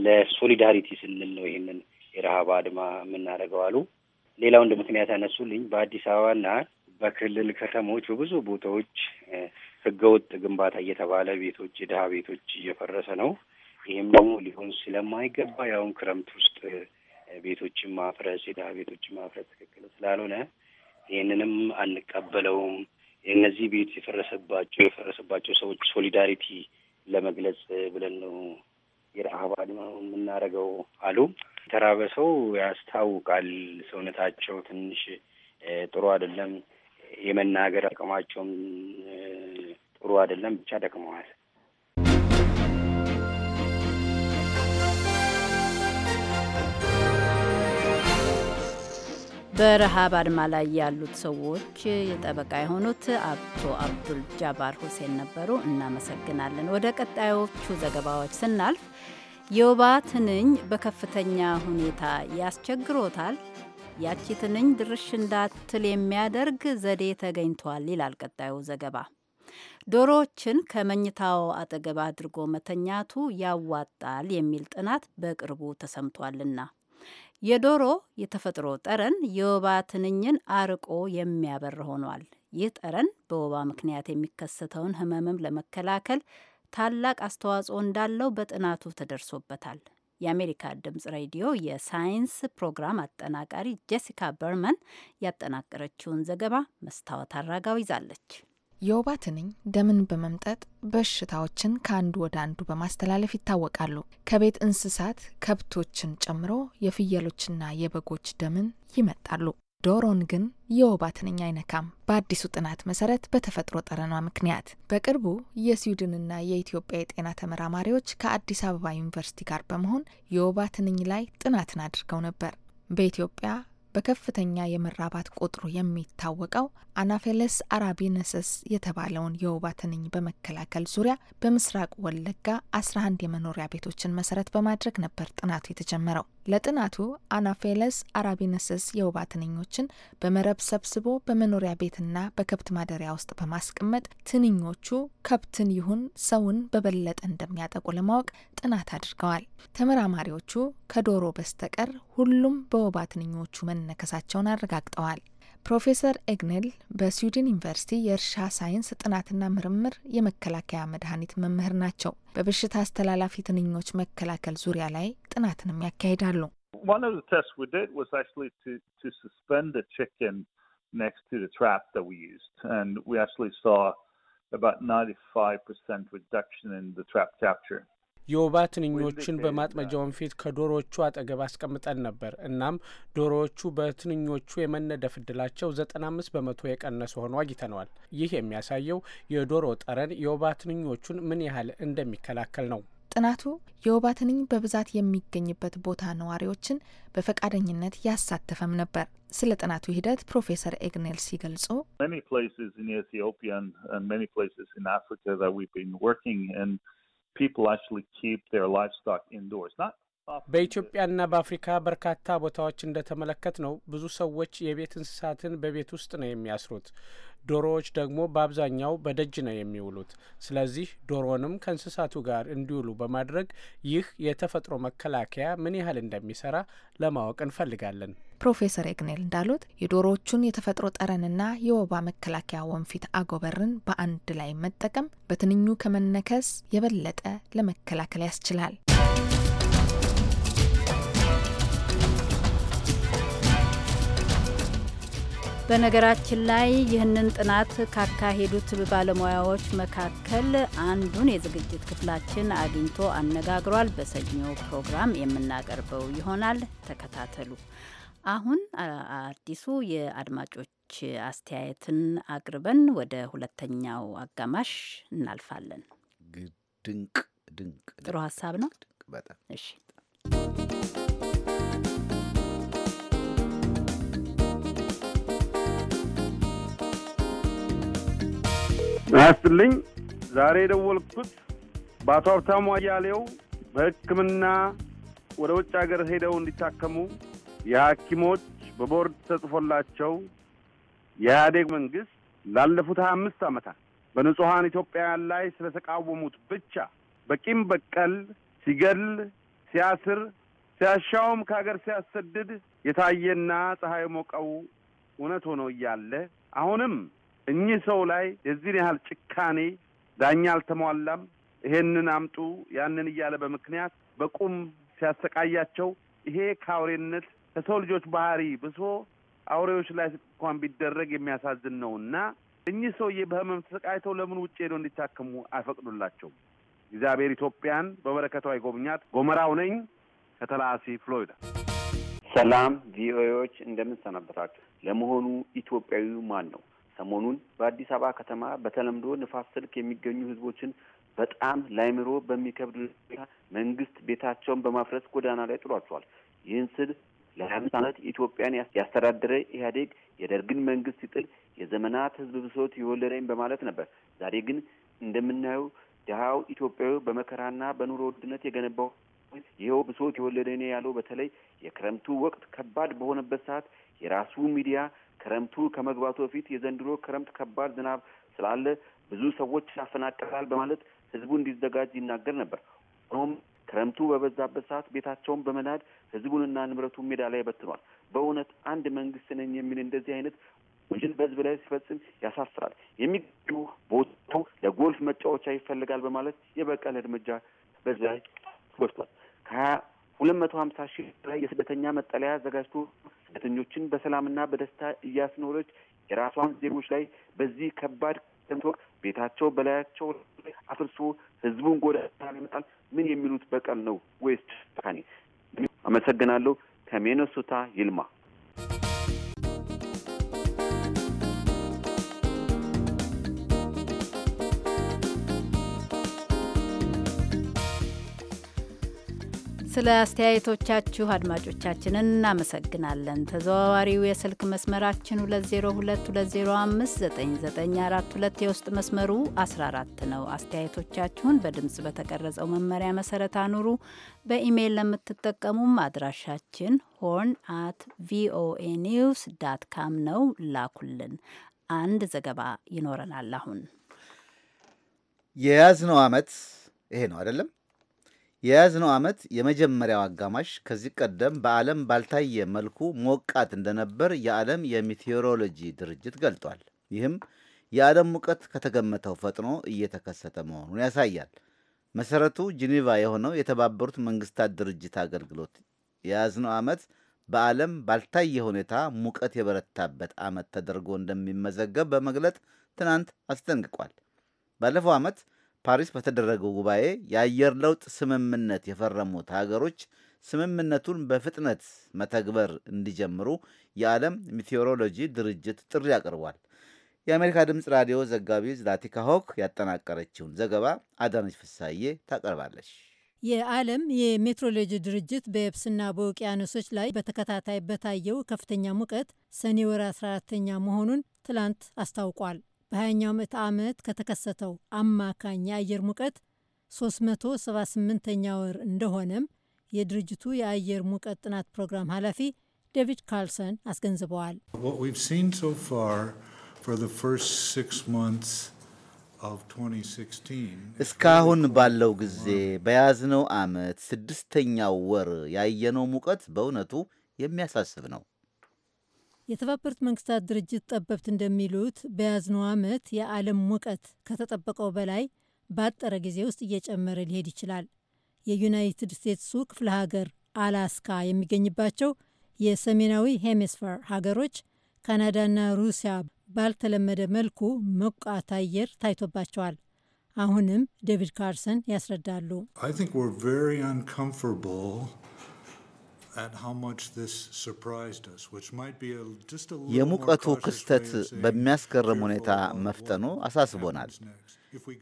ለሶሊዳሪቲ ስንል ነው ይህንን የረሃብ አድማ የምናደርገው አሉ። ሌላው እንደ ምክንያት ያነሱልኝ በአዲስ አበባና በክልል ከተሞች በብዙ ቦታዎች ህገወጥ ግንባታ እየተባለ ቤቶች የድሃ ቤቶች እየፈረሰ ነው። ይህም ደግሞ ሊሆን ስለማይገባ ያውን ክረምት ውስጥ ቤቶችን ማፍረስ የድሃ ቤቶችን ማፍረስ ትክክል ስላልሆነ ይህንንም አንቀበለውም። እነዚህ ቤት የፈረሰባቸው የፈረሰባቸው ሰዎች ሶሊዳሪቲ ለመግለጽ ብለን ነው የረሀብ አድማ የምናደርገው አሉ። የተራበ ሰው ያስታውቃል። ሰውነታቸው ትንሽ ጥሩ አይደለም። የመናገር አቅማቸውም ጥሩ አይደለም። ብቻ
ደክመዋል። በረሃብ አድማ ላይ ያሉት ሰዎች የጠበቃ የሆኑት አቶ አብዱል ጃባር ሁሴን ነበሩ። እናመሰግናለን። ወደ ቀጣዮቹ ዘገባዎች ስናልፍ የወባ ትንኝ በከፍተኛ ሁኔታ ያስቸግሮታል። ያቺ ትንኝ ድርሽ እንዳትል የሚያደርግ ዘዴ ተገኝቷል ይላል ቀጣዩ ዘገባ። ዶሮዎችን ከመኝታው አጠገብ አድርጎ መተኛቱ ያዋጣል የሚል ጥናት በቅርቡ ተሰምቷልና የዶሮ የተፈጥሮ ጠረን የወባ ትንኝን አርቆ የሚያበር ሆኗል። ይህ ጠረን በወባ ምክንያት የሚከሰተውን ህመምም ለመከላከል ታላቅ አስተዋጽኦ እንዳለው በጥናቱ ተደርሶበታል። የአሜሪካ ድምጽ ሬዲዮ የሳይንስ ፕሮግራም አጠናቃሪ ጄሲካ በርመን ያጠናቀረችውን ዘገባ መስታወት አራጋው ይዛለች።
የወባ ትንኝ ደምን በመምጠጥ በሽታዎችን ከአንዱ ወደ አንዱ በማስተላለፍ ይታወቃሉ። ከቤት እንስሳት ከብቶችን ጨምሮ የፍየሎችና የበጎች ደምን ይመጣሉ። ዶሮን ግን የወባ ትንኝ አይነካም፣ በአዲሱ ጥናት መሰረት በተፈጥሮ ጠረኗ ምክንያት። በቅርቡ የስዊድንና የኢትዮጵያ የጤና ተመራማሪዎች ከአዲስ አበባ ዩኒቨርሲቲ ጋር በመሆን የወባ ትንኝ ላይ ጥናትን አድርገው ነበር። በኢትዮጵያ በከፍተኛ የመራባት ቁጥሩ የሚታወቀው አናፌለስ አራቢነሰስ የተባለውን የወባ ትንኝ በመከላከል ዙሪያ በምስራቅ ወለጋ 11 የመኖሪያ ቤቶችን መሰረት በማድረግ ነበር ጥናቱ የተጀመረው። ለጥናቱ አናፌለስ አራቢነሰስ የወባ ትንኞችን በመረብ ሰብስቦ በመኖሪያ ቤትና በከብት ማደሪያ ውስጥ በማስቀመጥ ትንኞቹ ከብትን ይሁን ሰውን በበለጠ እንደሚያጠቁ ለማወቅ ጥናት አድርገዋል። ተመራማሪዎቹ ከዶሮ በስተቀር ሁሉም በወባ ትንኞቹ መና መነከሳቸውን አረጋግጠዋል። ፕሮፌሰር ኤግኔል በስዊድን ዩኒቨርሲቲ የእርሻ ሳይንስ ጥናትና ምርምር የመከላከያ መድኃኒት መምህር ናቸው። በበሽታ አስተላላፊ ትንኞች መከላከል ዙሪያ ላይ ጥናትንም ያካሂዳሉ።
about 95% reduction in the trap capture.
የወባ ትንኞችን በማጥመጃውን ፊት ከዶሮዎቹ አጠገብ አስቀምጠን ነበር። እናም ዶሮዎቹ በትንኞቹ የመነደፍ እድላቸው አምስት በመቶ የቀነሰ ሆኖ አግኝተነዋል። ይህ የሚያሳየው የዶሮ ጠረን የወባ ትንኞቹን ምን ያህል እንደሚከላከል ነው።
ጥናቱ የወባ ትንኝ በብዛት የሚገኝበት ቦታ ነዋሪዎችን በፈቃደኝነት ያሳተፈም ነበር። ስለ ጥናቱ ሂደት ፕሮፌሰር ኤግኔል ሲገልጹ
በኢትዮጵያና በአፍሪካ በርካታ ቦታዎች እንደተመለከት ነው ብዙ ሰዎች የቤት እንስሳትን በቤት ውስጥ ነው የሚያስሩት። ዶሮዎች ደግሞ በአብዛኛው በደጅ ነው የሚውሉት። ስለዚህ ዶሮንም ከእንስሳቱ ጋር እንዲውሉ በማድረግ ይህ የተፈጥሮ መከላከያ ምን ያህል እንደሚሰራ ለማወቅ እንፈልጋለን።
ፕሮፌሰር ኤግኔል እንዳሉት የዶሮዎቹን የተፈጥሮ ጠረንና የወባ መከላከያ ወንፊት አጎበርን በአንድ ላይ መጠቀም በትንኙ ከመነከስ የበለጠ ለመከላከል ያስችላል።
በነገራችን ላይ ይህንን ጥናት ካካሄዱት ባለሙያዎች መካከል አንዱን የዝግጅት ክፍላችን አግኝቶ አነጋግሯል። በሰኞ ፕሮግራም የምናቀርበው ይሆናል። ተከታተሉ። አሁን አዲሱ የአድማጮች አስተያየትን አቅርበን ወደ ሁለተኛው አጋማሽ እናልፋለን።
ድንቅ ድንቅ
ጥሩ ሀሳብ ነው። በጣም እሺ።
ናስትልኝ
ዛሬ የደወልኩት በአቶ ሀብታሙ አያሌው በሕክምና ወደ ውጭ ሀገር ሄደው እንዲታከሙ የሐኪሞች በቦርድ ተጽፎላቸው የኢህአዴግ መንግስት ላለፉት ሀያ አምስት ዓመታት በንጹሐን ኢትዮጵያውያን ላይ ስለተቃወሙት ብቻ በቂም በቀል ሲገል፣ ሲያስር፣ ሲያሻውም ከሀገር ሲያሰድድ የታየና ፀሐይ ሞቀው እውነት ሆኖ እያለ አሁንም እኚህ ሰው ላይ የዚህን ያህል ጭካኔ ዳኛ አልተሟላም፣ ይሄንን አምጡ ያንን እያለ በምክንያት በቁም ሲያሰቃያቸው ይሄ ካውሬነት ከሰው ልጆች ባህሪ ብሶ አውሬዎች ላይ እንኳን ቢደረግ የሚያሳዝን ነው እና እኚህ ሰውዬ በህመም ተሰቃይተው ለምን ውጭ ሄደው እንዲታከሙ አይፈቅዱላቸውም? እግዚአብሔር ኢትዮጵያን በበረከቷ አይጎብኛት
ጎመራው ነኝ ከተላሲ ፍሎሪዳ። ሰላም ቪኦኤዎች፣ እንደምን ሰነበታችሁ? ለመሆኑ ኢትዮጵያዊው ማን ነው? ሰሞኑን በአዲስ አበባ ከተማ በተለምዶ ንፋስ ስልክ የሚገኙ ህዝቦችን በጣም ላይምሮ በሚከብድ መንግስት ቤታቸውን በማፍረስ ጎዳና ላይ ጥሏቸዋል። ይህን ስል ለሀያ አምስት ዓመት ኢትዮጵያን ያስተዳደረ ኢህአዴግ የደርግን መንግስት ሲጥል የዘመናት ህዝብ ብሶት የወለደኝ በማለት ነበር። ዛሬ ግን እንደምናየው ድሀው ኢትዮጵያዊ በመከራና በኑሮ ውድነት የገነባው ይኸው ብሶት የወለደኔ ያለው በተለይ የክረምቱ ወቅት ከባድ በሆነበት ሰዓት የራሱ ሚዲያ ክረምቱ ከመግባቱ በፊት የዘንድሮ ክረምት ከባድ ዝናብ ስላለ ብዙ ሰዎች ያፈናቅላል በማለት ህዝቡ እንዲዘጋጅ ይናገር ነበር። ሆኖም ክረምቱ በበዛበት ሰዓት ቤታቸውን በመናድ ህዝቡንና ንብረቱን ሜዳ ላይ በትኗል። በእውነት አንድ መንግስት ነኝ የሚል እንደዚህ አይነት ወንጀል በህዝብ ላይ ሲፈጽም ያሳፍራል። የሚገኙ ቦታው ለጎልፍ መጫወቻ ይፈልጋል በማለት የበቀል እርምጃ በህዝብ ላይ ወስዷል። ከሀያ ሁለት መቶ ሀምሳ ሺህ በላይ የስደተኛ መጠለያ አዘጋጅቶ ስደተኞችን በሰላምና በደስታ እያስኖረች የራሷን ዜጎች ላይ በዚህ ከባድ ተንቶር ቤታቸው በላያቸው አፍርሶ ህዝቡን ጎዳና ይመጣል። ምን የሚሉት በቀል ነው ወይስ ጭካኔ? አመሰግናለሁ። ከሚኔሶታ ይልማ
ስለ አስተያየቶቻችሁ አድማጮቻችንን እናመሰግናለን። ተዘዋዋሪው የስልክ መስመራችን 2022059942 የውስጥ መስመሩ 14 ነው። አስተያየቶቻችሁን በድምፅ በተቀረጸው መመሪያ መሰረት አኑሩ። በኢሜይል ለምትጠቀሙም አድራሻችን ሆርን አት ቪኦኤ ኒውስ ዳት ካም ነው፣ ላኩልን። አንድ ዘገባ ይኖረናል። አሁን
የያዝነው ዓመት ይሄ ነው አይደለም የያዝነው ዓመት የመጀመሪያው አጋማሽ ከዚህ ቀደም በዓለም ባልታየ መልኩ ሞቃት እንደነበር የዓለም የሚቴዎሮሎጂ ድርጅት ገልጧል። ይህም የዓለም ሙቀት ከተገመተው ፈጥኖ እየተከሰተ መሆኑን ያሳያል። መሰረቱ ጂኒቫ የሆነው የተባበሩት መንግስታት ድርጅት አገልግሎት የያዝነው ዓመት በዓለም ባልታየ ሁኔታ ሙቀት የበረታበት ዓመት ተደርጎ እንደሚመዘገብ በመግለጥ ትናንት አስጠንቅቋል። ባለፈው ዓመት ፓሪስ በተደረገው ጉባኤ የአየር ለውጥ ስምምነት የፈረሙት ሀገሮች ስምምነቱን በፍጥነት መተግበር እንዲጀምሩ የዓለም ሚቴዎሮሎጂ ድርጅት ጥሪ አቅርቧል። የአሜሪካ ድምፅ ራዲዮ ዘጋቢ ዝላቲካ ሆክ ያጠናቀረችውን ዘገባ አዳነች ፍሳዬ ታቀርባለች።
የዓለም የሜትሮሎጂ ድርጅት በየብስና በውቅያኖሶች ላይ በተከታታይ በታየው ከፍተኛ ሙቀት ሰኔ ወር 14ተኛ መሆኑን ትላንት አስታውቋል። በ20ኛው ዓመት ከተከሰተው አማካኝ የአየር ሙቀት 378ኛ ወር እንደሆነም የድርጅቱ የአየር ሙቀት ጥናት ፕሮግራም ኃላፊ ዴቪድ ካርልሰን አስገንዝበዋል።
እስካሁን ባለው ጊዜ በያዝነው ዓመት ስድስተኛው ወር ያየነው ሙቀት በእውነቱ የሚያሳስብ ነው።
የተባበሩት መንግስታት ድርጅት ጠበብት እንደሚሉት በያዝነው ዓመት የዓለም ሙቀት ከተጠበቀው በላይ ባጠረ ጊዜ ውስጥ እየጨመረ ሊሄድ ይችላል። የዩናይትድ ስቴትሱ ክፍለ ሀገር አላስካ የሚገኝባቸው የሰሜናዊ ሄሚስፌር ሀገሮች ካናዳና ሩሲያ ባልተለመደ መልኩ ሞቃት አየር ታይቶባቸዋል። አሁንም ዴቪድ ካርሰን ያስረዳሉ።
የሙቀቱ ክስተት
በሚያስገርም ሁኔታ መፍጠኑ አሳስቦናል።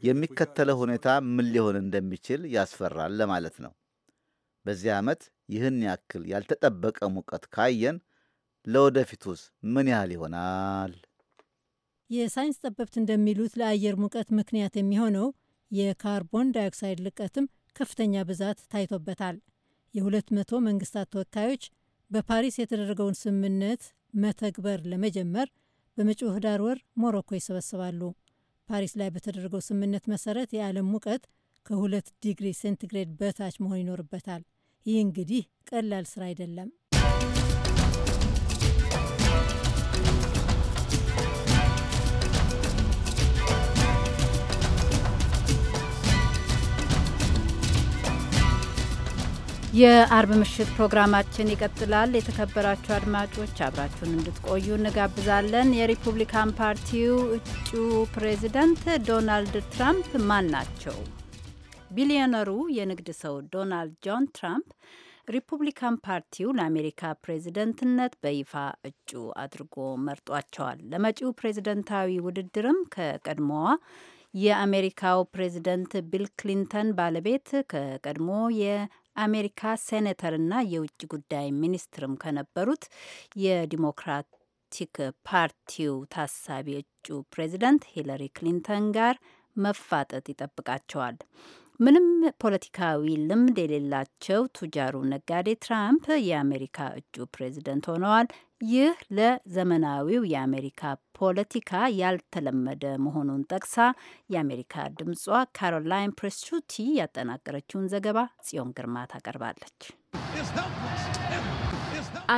የሚከተለው ሁኔታ ምን ሊሆን እንደሚችል ያስፈራል ለማለት ነው። በዚህ ዓመት ይህን ያክል ያልተጠበቀ ሙቀት ካየን ለወደፊቱስ ምን ያህል ይሆናል?
የሳይንስ ጠበብት እንደሚሉት ለአየር ሙቀት ምክንያት የሚሆነው የካርቦን ዳይኦክሳይድ ልቀትም ከፍተኛ ብዛት ታይቶበታል። የ200 መንግስታት ተወካዮች በፓሪስ የተደረገውን ስምምነት መተግበር ለመጀመር በመጪው ህዳር ወር ሞሮኮ ይሰበስባሉ። ፓሪስ ላይ በተደረገው ስምምነት መሰረት የዓለም ሙቀት ከሁለት ዲግሪ ሴንቲግሬድ በታች መሆን ይኖርበታል። ይህ እንግዲህ ቀላል ስራ አይደለም።
የአርብ ምሽት ፕሮግራማችን ይቀጥላል። የተከበራችሁ አድማጮች አብራችሁን እንድትቆዩ እንጋብዛለን። የሪፑብሊካን ፓርቲው እጩ ፕሬዚደንት ዶናልድ ትራምፕ ማን ናቸው? ቢሊዮነሩ የንግድ ሰው ዶናልድ ጆን ትራምፕ ሪፑብሊካን ፓርቲው ለአሜሪካ ፕሬዝደንትነት በይፋ እጩ አድርጎ መርጧቸዋል። ለመጪው ፕሬዝደንታዊ ውድድርም ከቀድሞዋ የአሜሪካው ፕሬዝደንት ቢል ክሊንተን ባለቤት ከቀድሞ አሜሪካ ሴኔተርና የውጭ ጉዳይ ሚኒስትርም ከነበሩት የዲሞክራቲክ ፓርቲው ታሳቢ እጩ ፕሬዚደንት ሂለሪ ክሊንተን ጋር መፋጠጥ ይጠብቃቸዋል። ምንም ፖለቲካዊ ልምድ የሌላቸው ቱጃሩ ነጋዴ ትራምፕ የአሜሪካ እጩ ፕሬዚደንት ሆነዋል። ይህ ለዘመናዊው የአሜሪካ ፖለቲካ ያልተለመደ መሆኑን ጠቅሳ የአሜሪካ ድምጿ ካሮላይን ፕሬስቹቲ ያጠናቀረችውን ዘገባ ጽዮን ግርማ ታቀርባለች።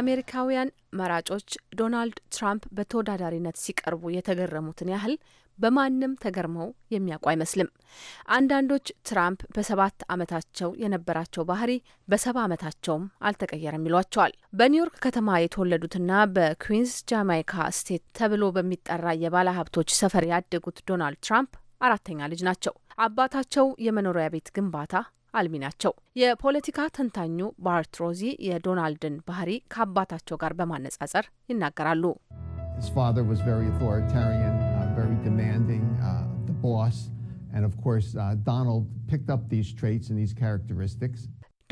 አሜሪካውያን መራጮች ዶናልድ ትራምፕ በተወዳዳሪነት
ሲቀርቡ የተገረሙትን ያህል በማንም ተገርመው የሚያውቁ አይመስልም። አንዳንዶች ትራምፕ በሰባት ዓመታቸው የነበራቸው ባህሪ በሰባ ዓመታቸውም አልተቀየረም ይሏቸዋል። በኒውዮርክ ከተማ የተወለዱትና በኩዊንስ ጃማይካ ስቴት ተብሎ በሚጠራ የባለ ሀብቶች ሰፈር ያደጉት ዶናልድ ትራምፕ አራተኛ ልጅ ናቸው። አባታቸው የመኖሪያ ቤት ግንባታ አልሚ ናቸው። የፖለቲካ ተንታኙ ባርት ሮዚ የዶናልድን ባህሪ ከአባታቸው ጋር በማነጻጸር ይናገራሉ።
very demanding uh, the boss. And of course, uh, Donald picked up these traits and these characteristics.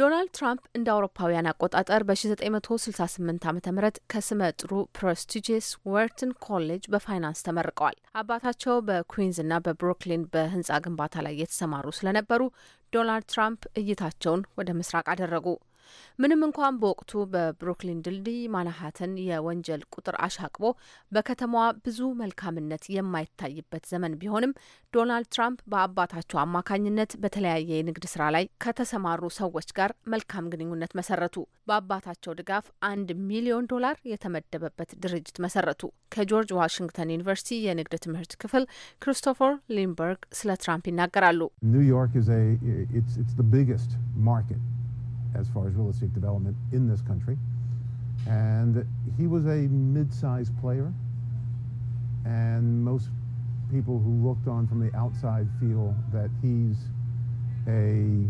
ዶናልድ ትራምፕ እንደ አውሮፓውያን አቆጣጠር በ1968 ዓ ም ከስመ ጥሩ ፕሮስቲጂስ ወርትን ኮሌጅ በፋይናንስ ተመርቀዋል። አባታቸው በኩዊንስና በብሩክሊን በህንፃ ግንባታ ላይ የተሰማሩ ስለነበሩ ዶናልድ ትራምፕ እይታቸውን ወደ ምስራቅ አደረጉ። ምንም እንኳን በወቅቱ በብሩክሊን ድልድይ ማናሃተን የወንጀል ቁጥር አሻቅቦ በከተማዋ ብዙ መልካምነት የማይታይበት ዘመን ቢሆንም ዶናልድ ትራምፕ በአባታቸው አማካኝነት በተለያየ የንግድ ስራ ላይ ከተሰማሩ ሰዎች ጋር መልካም ግንኙነት መሰረቱ። በአባታቸው ድጋፍ አንድ ሚሊዮን ዶላር የተመደበበት ድርጅት መሰረቱ። ከጆርጅ ዋሽንግተን ዩኒቨርሲቲ የንግድ ትምህርት ክፍል ክሪስቶፈር ሊንበርግ ስለ ትራምፕ ይናገራሉ።
ኒውዮርክ as far as real estate development in this country. And he was a mid-sized player. And most people who looked on from the outside feel that he's a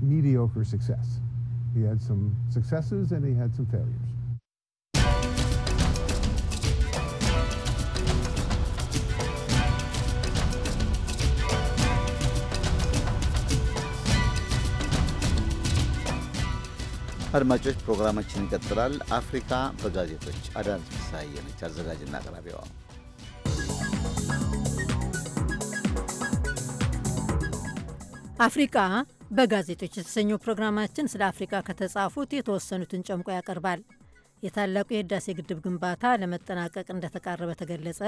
mediocre success. He had some successes and he had some failures.
አድማጮች ፕሮግራማችን ይቀጥላል። አፍሪካ በጋዜጦች አዳነች ፍስሐዬ ነች አዘጋጅና አቅራቢዋ።
አፍሪካ በጋዜጦች የተሰኘው ፕሮግራማችን ስለ አፍሪካ ከተጻፉት የተወሰኑትን ጨምቆ ያቀርባል። የታላቁ የህዳሴ ግድብ ግንባታ ለመጠናቀቅ እንደተቃረበ ተገለጸ፣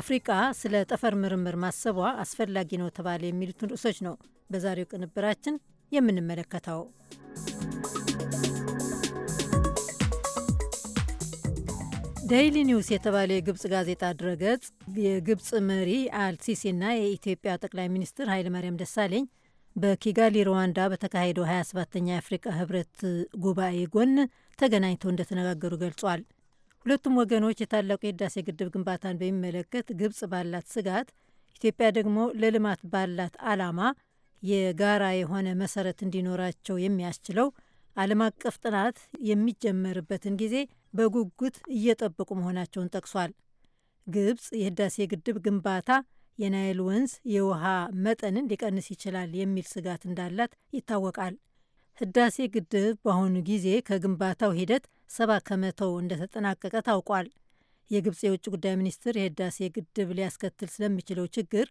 አፍሪካ ስለ ጠፈር ምርምር ማሰቧ አስፈላጊ ነው ተባለ የሚሉትን ርዕሶች ነው በዛሬው ቅንብራችን የምንመለከተው። ዴይሊ ኒውስ የተባለ የግብፅ ጋዜጣ ድረገጽ የግብፅ መሪ አልሲሲና የኢትዮጵያ ጠቅላይ ሚኒስትር ኃይለማርያም ደሳለኝ በኪጋሊ ሩዋንዳ በተካሄደው 27ኛ የአፍሪካ ህብረት ጉባኤ ጎን ተገናኝተው እንደተነጋገሩ ገልጿል። ሁለቱም ወገኖች የታላቁ የህዳሴ ግድብ ግንባታን በሚመለከት ግብፅ ባላት ስጋት፣ ኢትዮጵያ ደግሞ ለልማት ባላት አላማ የጋራ የሆነ መሰረት እንዲኖራቸው የሚያስችለው ዓለም አቀፍ ጥናት የሚጀመርበትን ጊዜ በጉጉት እየጠበቁ መሆናቸውን ጠቅሷል። ግብፅ የህዳሴ ግድብ ግንባታ የናይል ወንዝ የውሃ መጠንን ሊቀንስ ይችላል የሚል ስጋት እንዳላት ይታወቃል። ህዳሴ ግድብ በአሁኑ ጊዜ ከግንባታው ሂደት ሰባ ከመቶው እንደተጠናቀቀ ታውቋል። የግብፅ የውጭ ጉዳይ ሚኒስትር የህዳሴ ግድብ ሊያስከትል ስለሚችለው ችግር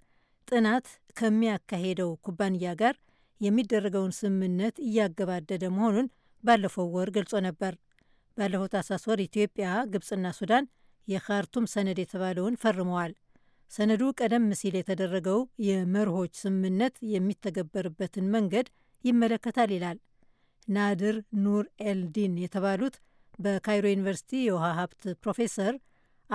ጥናት ከሚያካሄደው ኩባንያ ጋር የሚደረገውን ስምምነት እያገባደደ መሆኑን ባለፈው ወር ገልጾ ነበር። ባለፈው ታህሳስ ወር ኢትዮጵያ፣ ግብፅና ሱዳን የካርቱም ሰነድ የተባለውን ፈርመዋል። ሰነዱ ቀደም ሲል የተደረገው የመርሆች ስምምነት የሚተገበርበትን መንገድ ይመለከታል ይላል። ናድር ኑር ኤልዲን የተባሉት በካይሮ ዩኒቨርሲቲ የውሃ ሀብት ፕሮፌሰር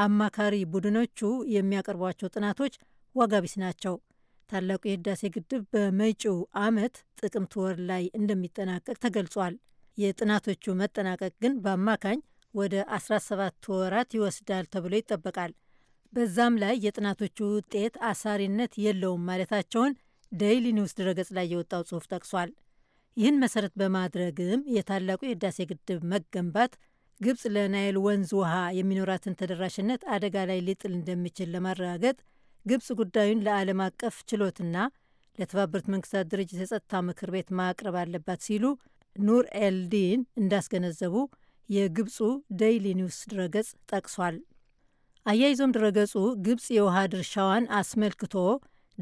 አማካሪ ቡድኖቹ የሚያቀርቧቸው ጥናቶች ዋጋቢስ ናቸው። ታላቁ የህዳሴ ግድብ በመጪው ዓመት ጥቅምት ወር ላይ እንደሚጠናቀቅ ተገልጿል። የጥናቶቹ መጠናቀቅ ግን በአማካኝ ወደ 17 ወራት ይወስዳል ተብሎ ይጠበቃል። በዛም ላይ የጥናቶቹ ውጤት አሳሪነት የለውም ማለታቸውን ደይሊ ኒውስ ድረገጽ ላይ የወጣው ጽሑፍ ጠቅሷል። ይህን መሰረት በማድረግም የታላቁ የህዳሴ ግድብ መገንባት ግብፅ ለናይል ወንዝ ውሃ የሚኖራትን ተደራሽነት አደጋ ላይ ሊጥል እንደሚችል ለማረጋገጥ ግብፅ ጉዳዩን ለዓለም አቀፍ ችሎትና ለተባበሩት መንግስታት ድርጅት የጸጥታ ምክር ቤት ማቅረብ አለባት ሲሉ ኑር ኤልዲን እንዳስገነዘቡ የግብፁ ዴይሊ ኒውስ ድረገጽ ጠቅሷል። አያይዞም ድረገጹ ግብፅ የውሃ ድርሻዋን አስመልክቶ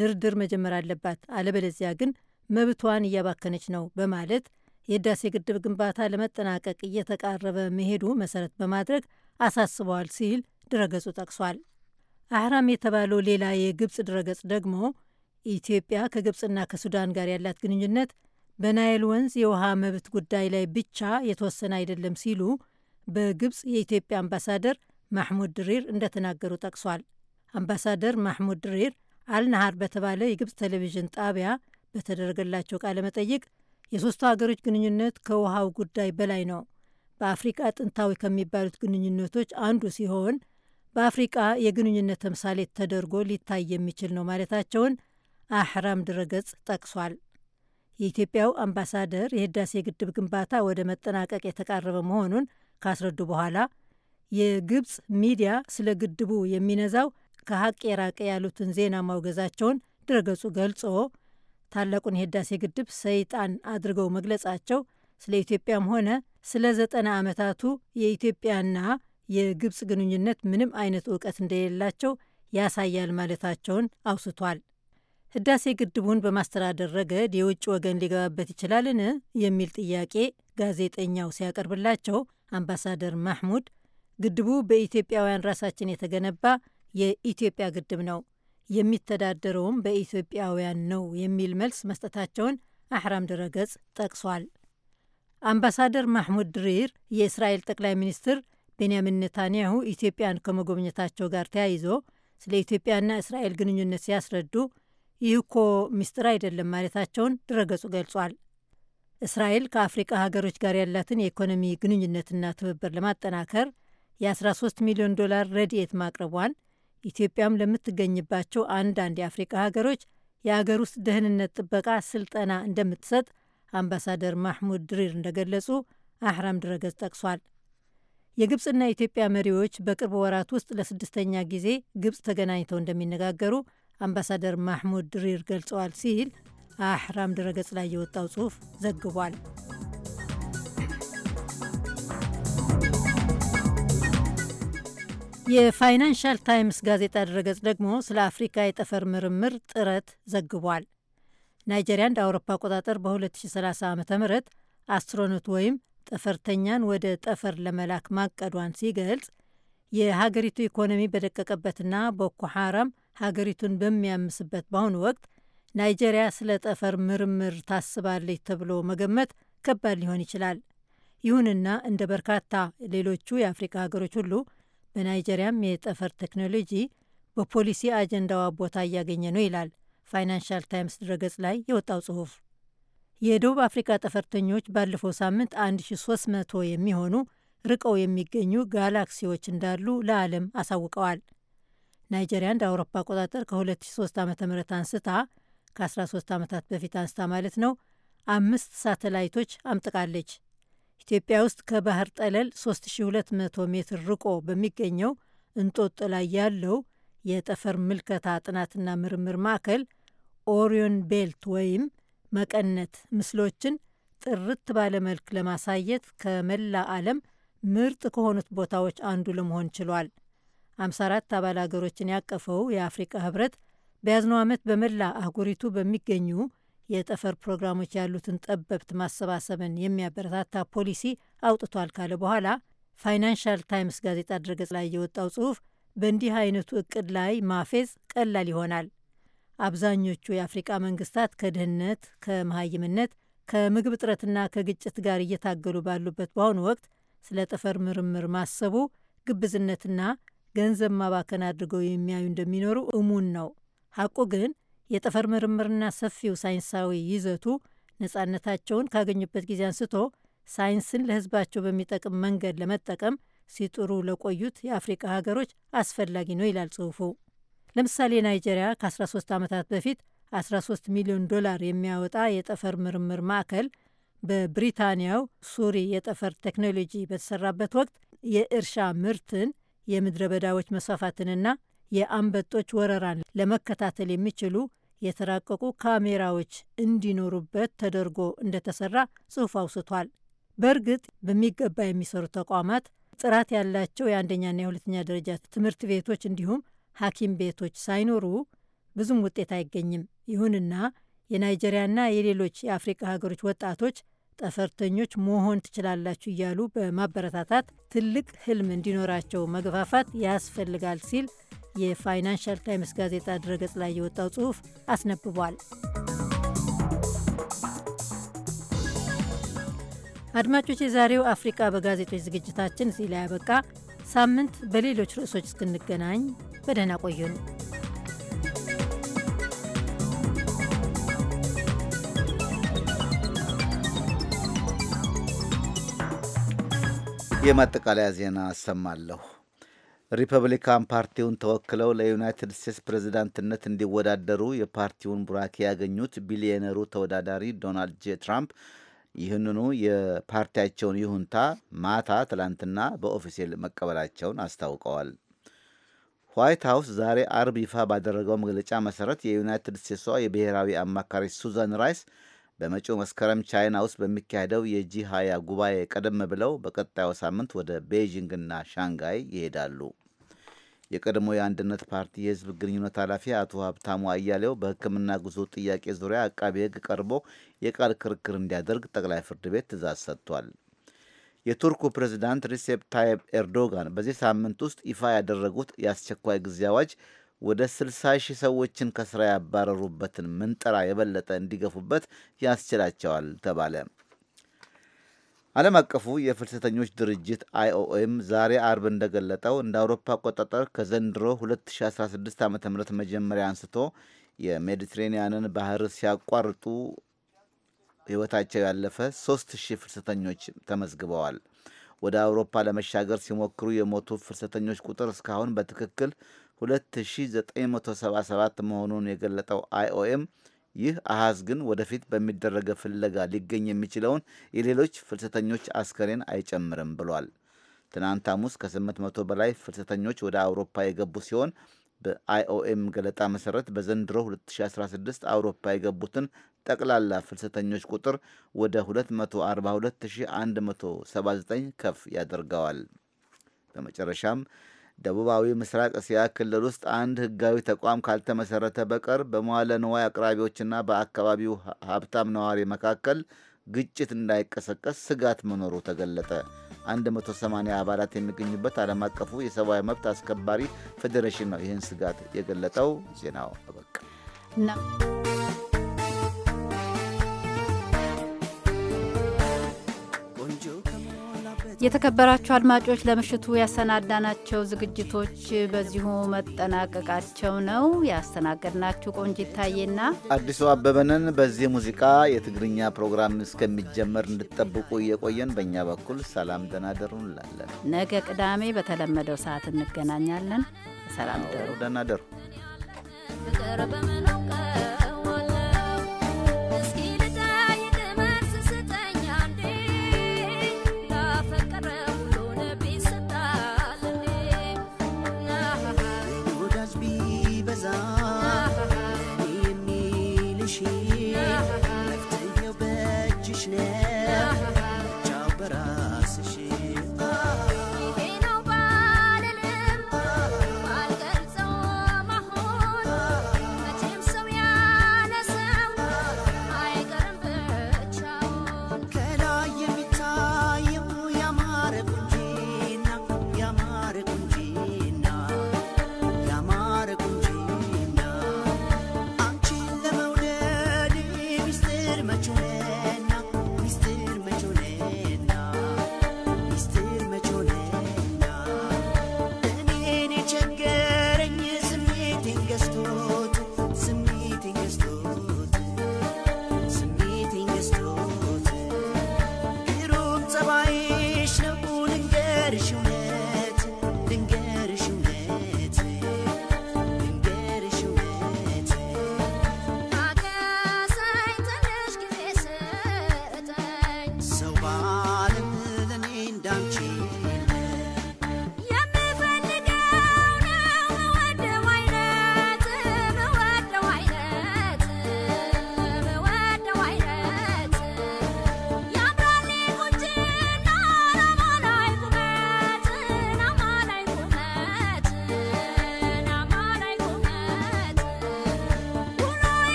ድርድር መጀመር አለባት፣ አለበለዚያ ግን መብቷን እያባከነች ነው በማለት የህዳሴ ግድብ ግንባታ ለመጠናቀቅ እየተቃረበ መሄዱ መሰረት በማድረግ አሳስበዋል ሲል ድረገጹ ጠቅሷል። አህራም የተባለው ሌላ የግብፅ ድረገጽ ደግሞ ኢትዮጵያ ከግብፅና ከሱዳን ጋር ያላት ግንኙነት በናይል ወንዝ የውሃ መብት ጉዳይ ላይ ብቻ የተወሰነ አይደለም ሲሉ በግብፅ የኢትዮጵያ አምባሳደር ማሕሙድ ድሪር እንደተናገሩ ጠቅሷል። አምባሳደር ማሕሙድ ድሪር አልናሃር በተባለ የግብፅ ቴሌቪዥን ጣቢያ በተደረገላቸው ቃለ መጠይቅ የሶስቱ ሀገሮች ግንኙነት ከውሃው ጉዳይ በላይ ነው፣ በአፍሪቃ ጥንታዊ ከሚባሉት ግንኙነቶች አንዱ ሲሆን በአፍሪቃ የግንኙነት ተምሳሌት ተደርጎ ሊታይ የሚችል ነው ማለታቸውን አህራም ድረገጽ ጠቅሷል። የኢትዮጵያው አምባሳደር የህዳሴ ግድብ ግንባታ ወደ መጠናቀቅ የተቃረበ መሆኑን ካስረዱ በኋላ የግብፅ ሚዲያ ስለ ግድቡ የሚነዛው ከሀቅ የራቀ ያሉትን ዜና ማውገዛቸውን ድረገጹ ገልጾ ታላቁን የህዳሴ ግድብ ሰይጣን አድርገው መግለጻቸው ስለ ኢትዮጵያም ሆነ ስለ ዘጠና ዓመታቱ የኢትዮጵያና የግብፅ ግንኙነት ምንም አይነት እውቀት እንደሌላቸው ያሳያል ማለታቸውን አውስቷል። ህዳሴ ግድቡን በማስተዳደር ረገድ የውጭ ወገን ሊገባበት ይችላልን የሚል ጥያቄ ጋዜጠኛው ሲያቀርብላቸው አምባሳደር ማህሙድ ግድቡ በኢትዮጵያውያን ራሳችን የተገነባ የኢትዮጵያ ግድብ ነው፣ የሚተዳደረውም በኢትዮጵያውያን ነው የሚል መልስ መስጠታቸውን አሕራም ድረገጽ ጠቅሷል። አምባሳደር ማህሙድ ድሪር የእስራኤል ጠቅላይ ሚኒስትር ቤንያሚን ኔታንያሁ ኢትዮጵያን ከመጎብኘታቸው ጋር ተያይዞ ስለ ኢትዮጵያና እስራኤል ግንኙነት ሲያስረዱ ይህ እኮ ምስጢር አይደለም ማለታቸውን ድረገጹ ገልጿል። እስራኤል ከአፍሪቃ ሀገሮች ጋር ያላትን የኢኮኖሚ ግንኙነትና ትብብር ለማጠናከር የ13 ሚሊዮን ዶላር ረድኤት ማቅረቧን፣ ኢትዮጵያም ለምትገኝባቸው አንዳንድ የአፍሪቃ ሀገሮች የአገር ውስጥ ደህንነት ጥበቃ ስልጠና እንደምትሰጥ አምባሳደር ማህሙድ ድሪር እንደገለጹ አህራም ድረገጽ ጠቅሷል። የግብፅና የኢትዮጵያ መሪዎች በቅርብ ወራት ውስጥ ለስድስተኛ ጊዜ ግብፅ ተገናኝተው እንደሚነጋገሩ አምባሳደር ማሕሙድ ድሪር ገልጸዋል ሲል አሕራም ድረገጽ ላይ የወጣው ጽሑፍ ዘግቧል። የፋይናንሻል ታይምስ ጋዜጣ ድረገጽ ደግሞ ስለ አፍሪካ የጠፈር ምርምር ጥረት ዘግቧል። ናይጀሪያ እንደ አውሮፓ አቆጣጠር በ2030 ዓ ም አስትሮኖት ወይም ጠፈርተኛን ወደ ጠፈር ለመላክ ማቀዷን ሲገልጽ የሀገሪቱ ኢኮኖሚ በደቀቀበትና ቦኮ ሐራም ሀገሪቱን በሚያምስበት በአሁኑ ወቅት ናይጄሪያ ስለ ጠፈር ምርምር ታስባለች ተብሎ መገመት ከባድ ሊሆን ይችላል። ይሁንና እንደ በርካታ ሌሎቹ የአፍሪካ ሀገሮች ሁሉ በናይጄሪያም የጠፈር ቴክኖሎጂ በፖሊሲ አጀንዳዋ ቦታ እያገኘ ነው ይላል ፋይናንሻል ታይምስ ድረገጽ ላይ የወጣው ጽሑፍ። የደቡብ አፍሪካ ጠፈርተኞች ባለፈው ሳምንት 1300 የሚሆኑ ርቀው የሚገኙ ጋላክሲዎች እንዳሉ ለዓለም አሳውቀዋል። ናይጀሪያ እንደ አውሮፓ አቆጣጠር ከ2003 ዓ ም አንስታ ከ13 ዓመታት በፊት አንስታ ማለት ነው አምስት ሳተላይቶች አምጥቃለች። ኢትዮጵያ ውስጥ ከባህር ጠለል 3200 ሜትር ርቆ በሚገኘው እንጦጦ ላይ ያለው የጠፈር ምልከታ ጥናትና ምርምር ማዕከል ኦሪዮን ቤልት ወይም መቀነት ምስሎችን ጥርት ባለ መልክ ለማሳየት ከመላ ዓለም ምርጥ ከሆኑት ቦታዎች አንዱ ለመሆን ችሏል። 54 አባል አገሮችን ያቀፈው የአፍሪካ ህብረት በያዝነው ዓመት በመላ አህጉሪቱ በሚገኙ የጠፈር ፕሮግራሞች ያሉትን ጠበብት ማሰባሰብን የሚያበረታታ ፖሊሲ አውጥቷል ካለ በኋላ ፋይናንሻል ታይምስ ጋዜጣ ድረገጽ ላይ የወጣው ጽሑፍ በእንዲህ አይነቱ እቅድ ላይ ማፌዝ ቀላል ይሆናል፣ አብዛኞቹ የአፍሪቃ መንግስታት ከድህነት፣ ከመሀይምነት፣ ከምግብ እጥረትና ከግጭት ጋር እየታገሉ ባሉበት በአሁኑ ወቅት ስለ ጠፈር ምርምር ማሰቡ ግብዝነትና ገንዘብ ማባከን አድርገው የሚያዩ እንደሚኖሩ እሙን ነው። ሐቁ ግን የጠፈር ምርምርና ሰፊው ሳይንሳዊ ይዘቱ ነፃነታቸውን ካገኙበት ጊዜ አንስቶ ሳይንስን ለሕዝባቸው በሚጠቅም መንገድ ለመጠቀም ሲጥሩ ለቆዩት የአፍሪቃ ሀገሮች አስፈላጊ ነው ይላል ጽሑፉ። ለምሳሌ ናይጄሪያ ከ13 ዓመታት በፊት 13 ሚሊዮን ዶላር የሚያወጣ የጠፈር ምርምር ማዕከል በብሪታንያው ሱሪ የጠፈር ቴክኖሎጂ በተሰራበት ወቅት የእርሻ ምርትን የምድረ በዳዎች መስፋፋትንና የአንበጦች ወረራን ለመከታተል የሚችሉ የተራቀቁ ካሜራዎች እንዲኖሩበት ተደርጎ እንደተሰራ ጽሑፍ አውስቷል። በእርግጥ በሚገባ የሚሰሩ ተቋማት ጥራት ያላቸው የአንደኛና የሁለተኛ ደረጃ ትምህርት ቤቶች እንዲሁም ሐኪም ቤቶች ሳይኖሩ ብዙም ውጤት አይገኝም። ይሁንና የናይጀሪያና የሌሎች የአፍሪቃ ሀገሮች ወጣቶች ጠፈርተኞች መሆን ትችላላችሁ እያሉ በማበረታታት ትልቅ ህልም እንዲኖራቸው መገፋፋት ያስፈልጋል ሲል የፋይናንሻል ታይምስ ጋዜጣ ድረገጽ ላይ የወጣው ጽሑፍ አስነብቧል። አድማጮች፣ የዛሬው አፍሪቃ በጋዜጦች ዝግጅታችን እዚህ ላይ ያበቃ። ሳምንት በሌሎች ርዕሶች እስክንገናኝ በደህና ቆዩን።
የማጠቃለያ ዜና አሰማለሁ። ሪፐብሊካን ፓርቲውን ተወክለው ለዩናይትድ ስቴትስ ፕሬዝዳንትነት እንዲወዳደሩ የፓርቲውን ቡራኬ ያገኙት ቢሊዮነሩ ተወዳዳሪ ዶናልድ ጄ ትራምፕ ይህንኑ የፓርቲያቸውን ይሁንታ ማታ ትላንትና በኦፊሴል መቀበላቸውን አስታውቀዋል። ዋይት ሀውስ ዛሬ አርብ ይፋ ባደረገው መግለጫ መሰረት የዩናይትድ ስቴትሷ የብሔራዊ አማካሪ ሱዛን ራይስ በመጪው መስከረም ቻይና ውስጥ በሚካሄደው የጂ 20 ጉባኤ ቀደም ብለው በቀጣዩ ሳምንት ወደ ቤይዥንግና ሻንጋይ ይሄዳሉ። የቀድሞ የአንድነት ፓርቲ የህዝብ ግንኙነት ኃላፊ አቶ ሀብታሙ አያሌው በሕክምና ጉዞ ጥያቄ ዙሪያ አቃቢ ሕግ ቀርቦ የቃል ክርክር እንዲያደርግ ጠቅላይ ፍርድ ቤት ትእዛዝ ሰጥቷል። የቱርኩ ፕሬዚዳንት ሪሴፕ ታይብ ኤርዶጋን በዚህ ሳምንት ውስጥ ይፋ ያደረጉት የአስቸኳይ ጊዜ አዋጅ ወደ 60 ሺህ ሰዎችን ከስራ ያባረሩበትን ምንጠራ የበለጠ እንዲገፉበት ያስችላቸዋል ተባለ። ዓለም አቀፉ የፍልሰተኞች ድርጅት አይኦኤም ዛሬ አርብ እንደገለጠው እንደ አውሮፓ አቆጣጠር ከዘንድሮ 2016 ዓ ም መጀመሪያ አንስቶ የሜዲትሬንያንን ባህር ሲያቋርጡ ሕይወታቸው ያለፈ 3000 ፍልሰተኞች ተመዝግበዋል። ወደ አውሮፓ ለመሻገር ሲሞክሩ የሞቱ ፍልሰተኞች ቁጥር እስካሁን በትክክል 2977 መሆኑን የገለጠው አይኦኤም ይህ አሃዝ ግን ወደፊት በሚደረገ ፍለጋ ሊገኝ የሚችለውን የሌሎች ፍልሰተኞች አስከሬን አይጨምርም ብሏል። ትናንት ሐሙስ ከ800 በላይ ፍልሰተኞች ወደ አውሮፓ የገቡ ሲሆን በአይኦኤም ገለጣ መሠረት በዘንድሮ 2016 አውሮፓ የገቡትን ጠቅላላ ፍልሰተኞች ቁጥር ወደ 242179 ከፍ ያደርገዋል። በመጨረሻም ደቡባዊ ምስራቅ እስያ ክልል ውስጥ አንድ ህጋዊ ተቋም ካልተመሰረተ በቀር በመዋለ ንዋይ አቅራቢዎችና በአካባቢው ሀብታም ነዋሪ መካከል ግጭት እንዳይቀሰቀስ ስጋት መኖሩ ተገለጠ። 180 አባላት የሚገኙበት ዓለም አቀፉ የሰብአዊ መብት አስከባሪ ፌዴሬሽን ነው ይህን ስጋት የገለጠው። ዜናው አበቃ።
የተከበራችሁ አድማጮች ለምሽቱ ያሰናዳናቸው ዝግጅቶች በዚሁ መጠናቀቃቸው ነው። ያስተናገድናችሁ ቆንጅ ታዬና
አዲሱ አበበንን። በዚህ ሙዚቃ የትግርኛ ፕሮግራም እስከሚጀመር እንድጠብቁ እየቆየን በእኛ በኩል ሰላም ደናደሩ እንላለን።
ነገ ቅዳሜ በተለመደው ሰዓት እንገናኛለን።
ሰላም ደሩ ደናደሩ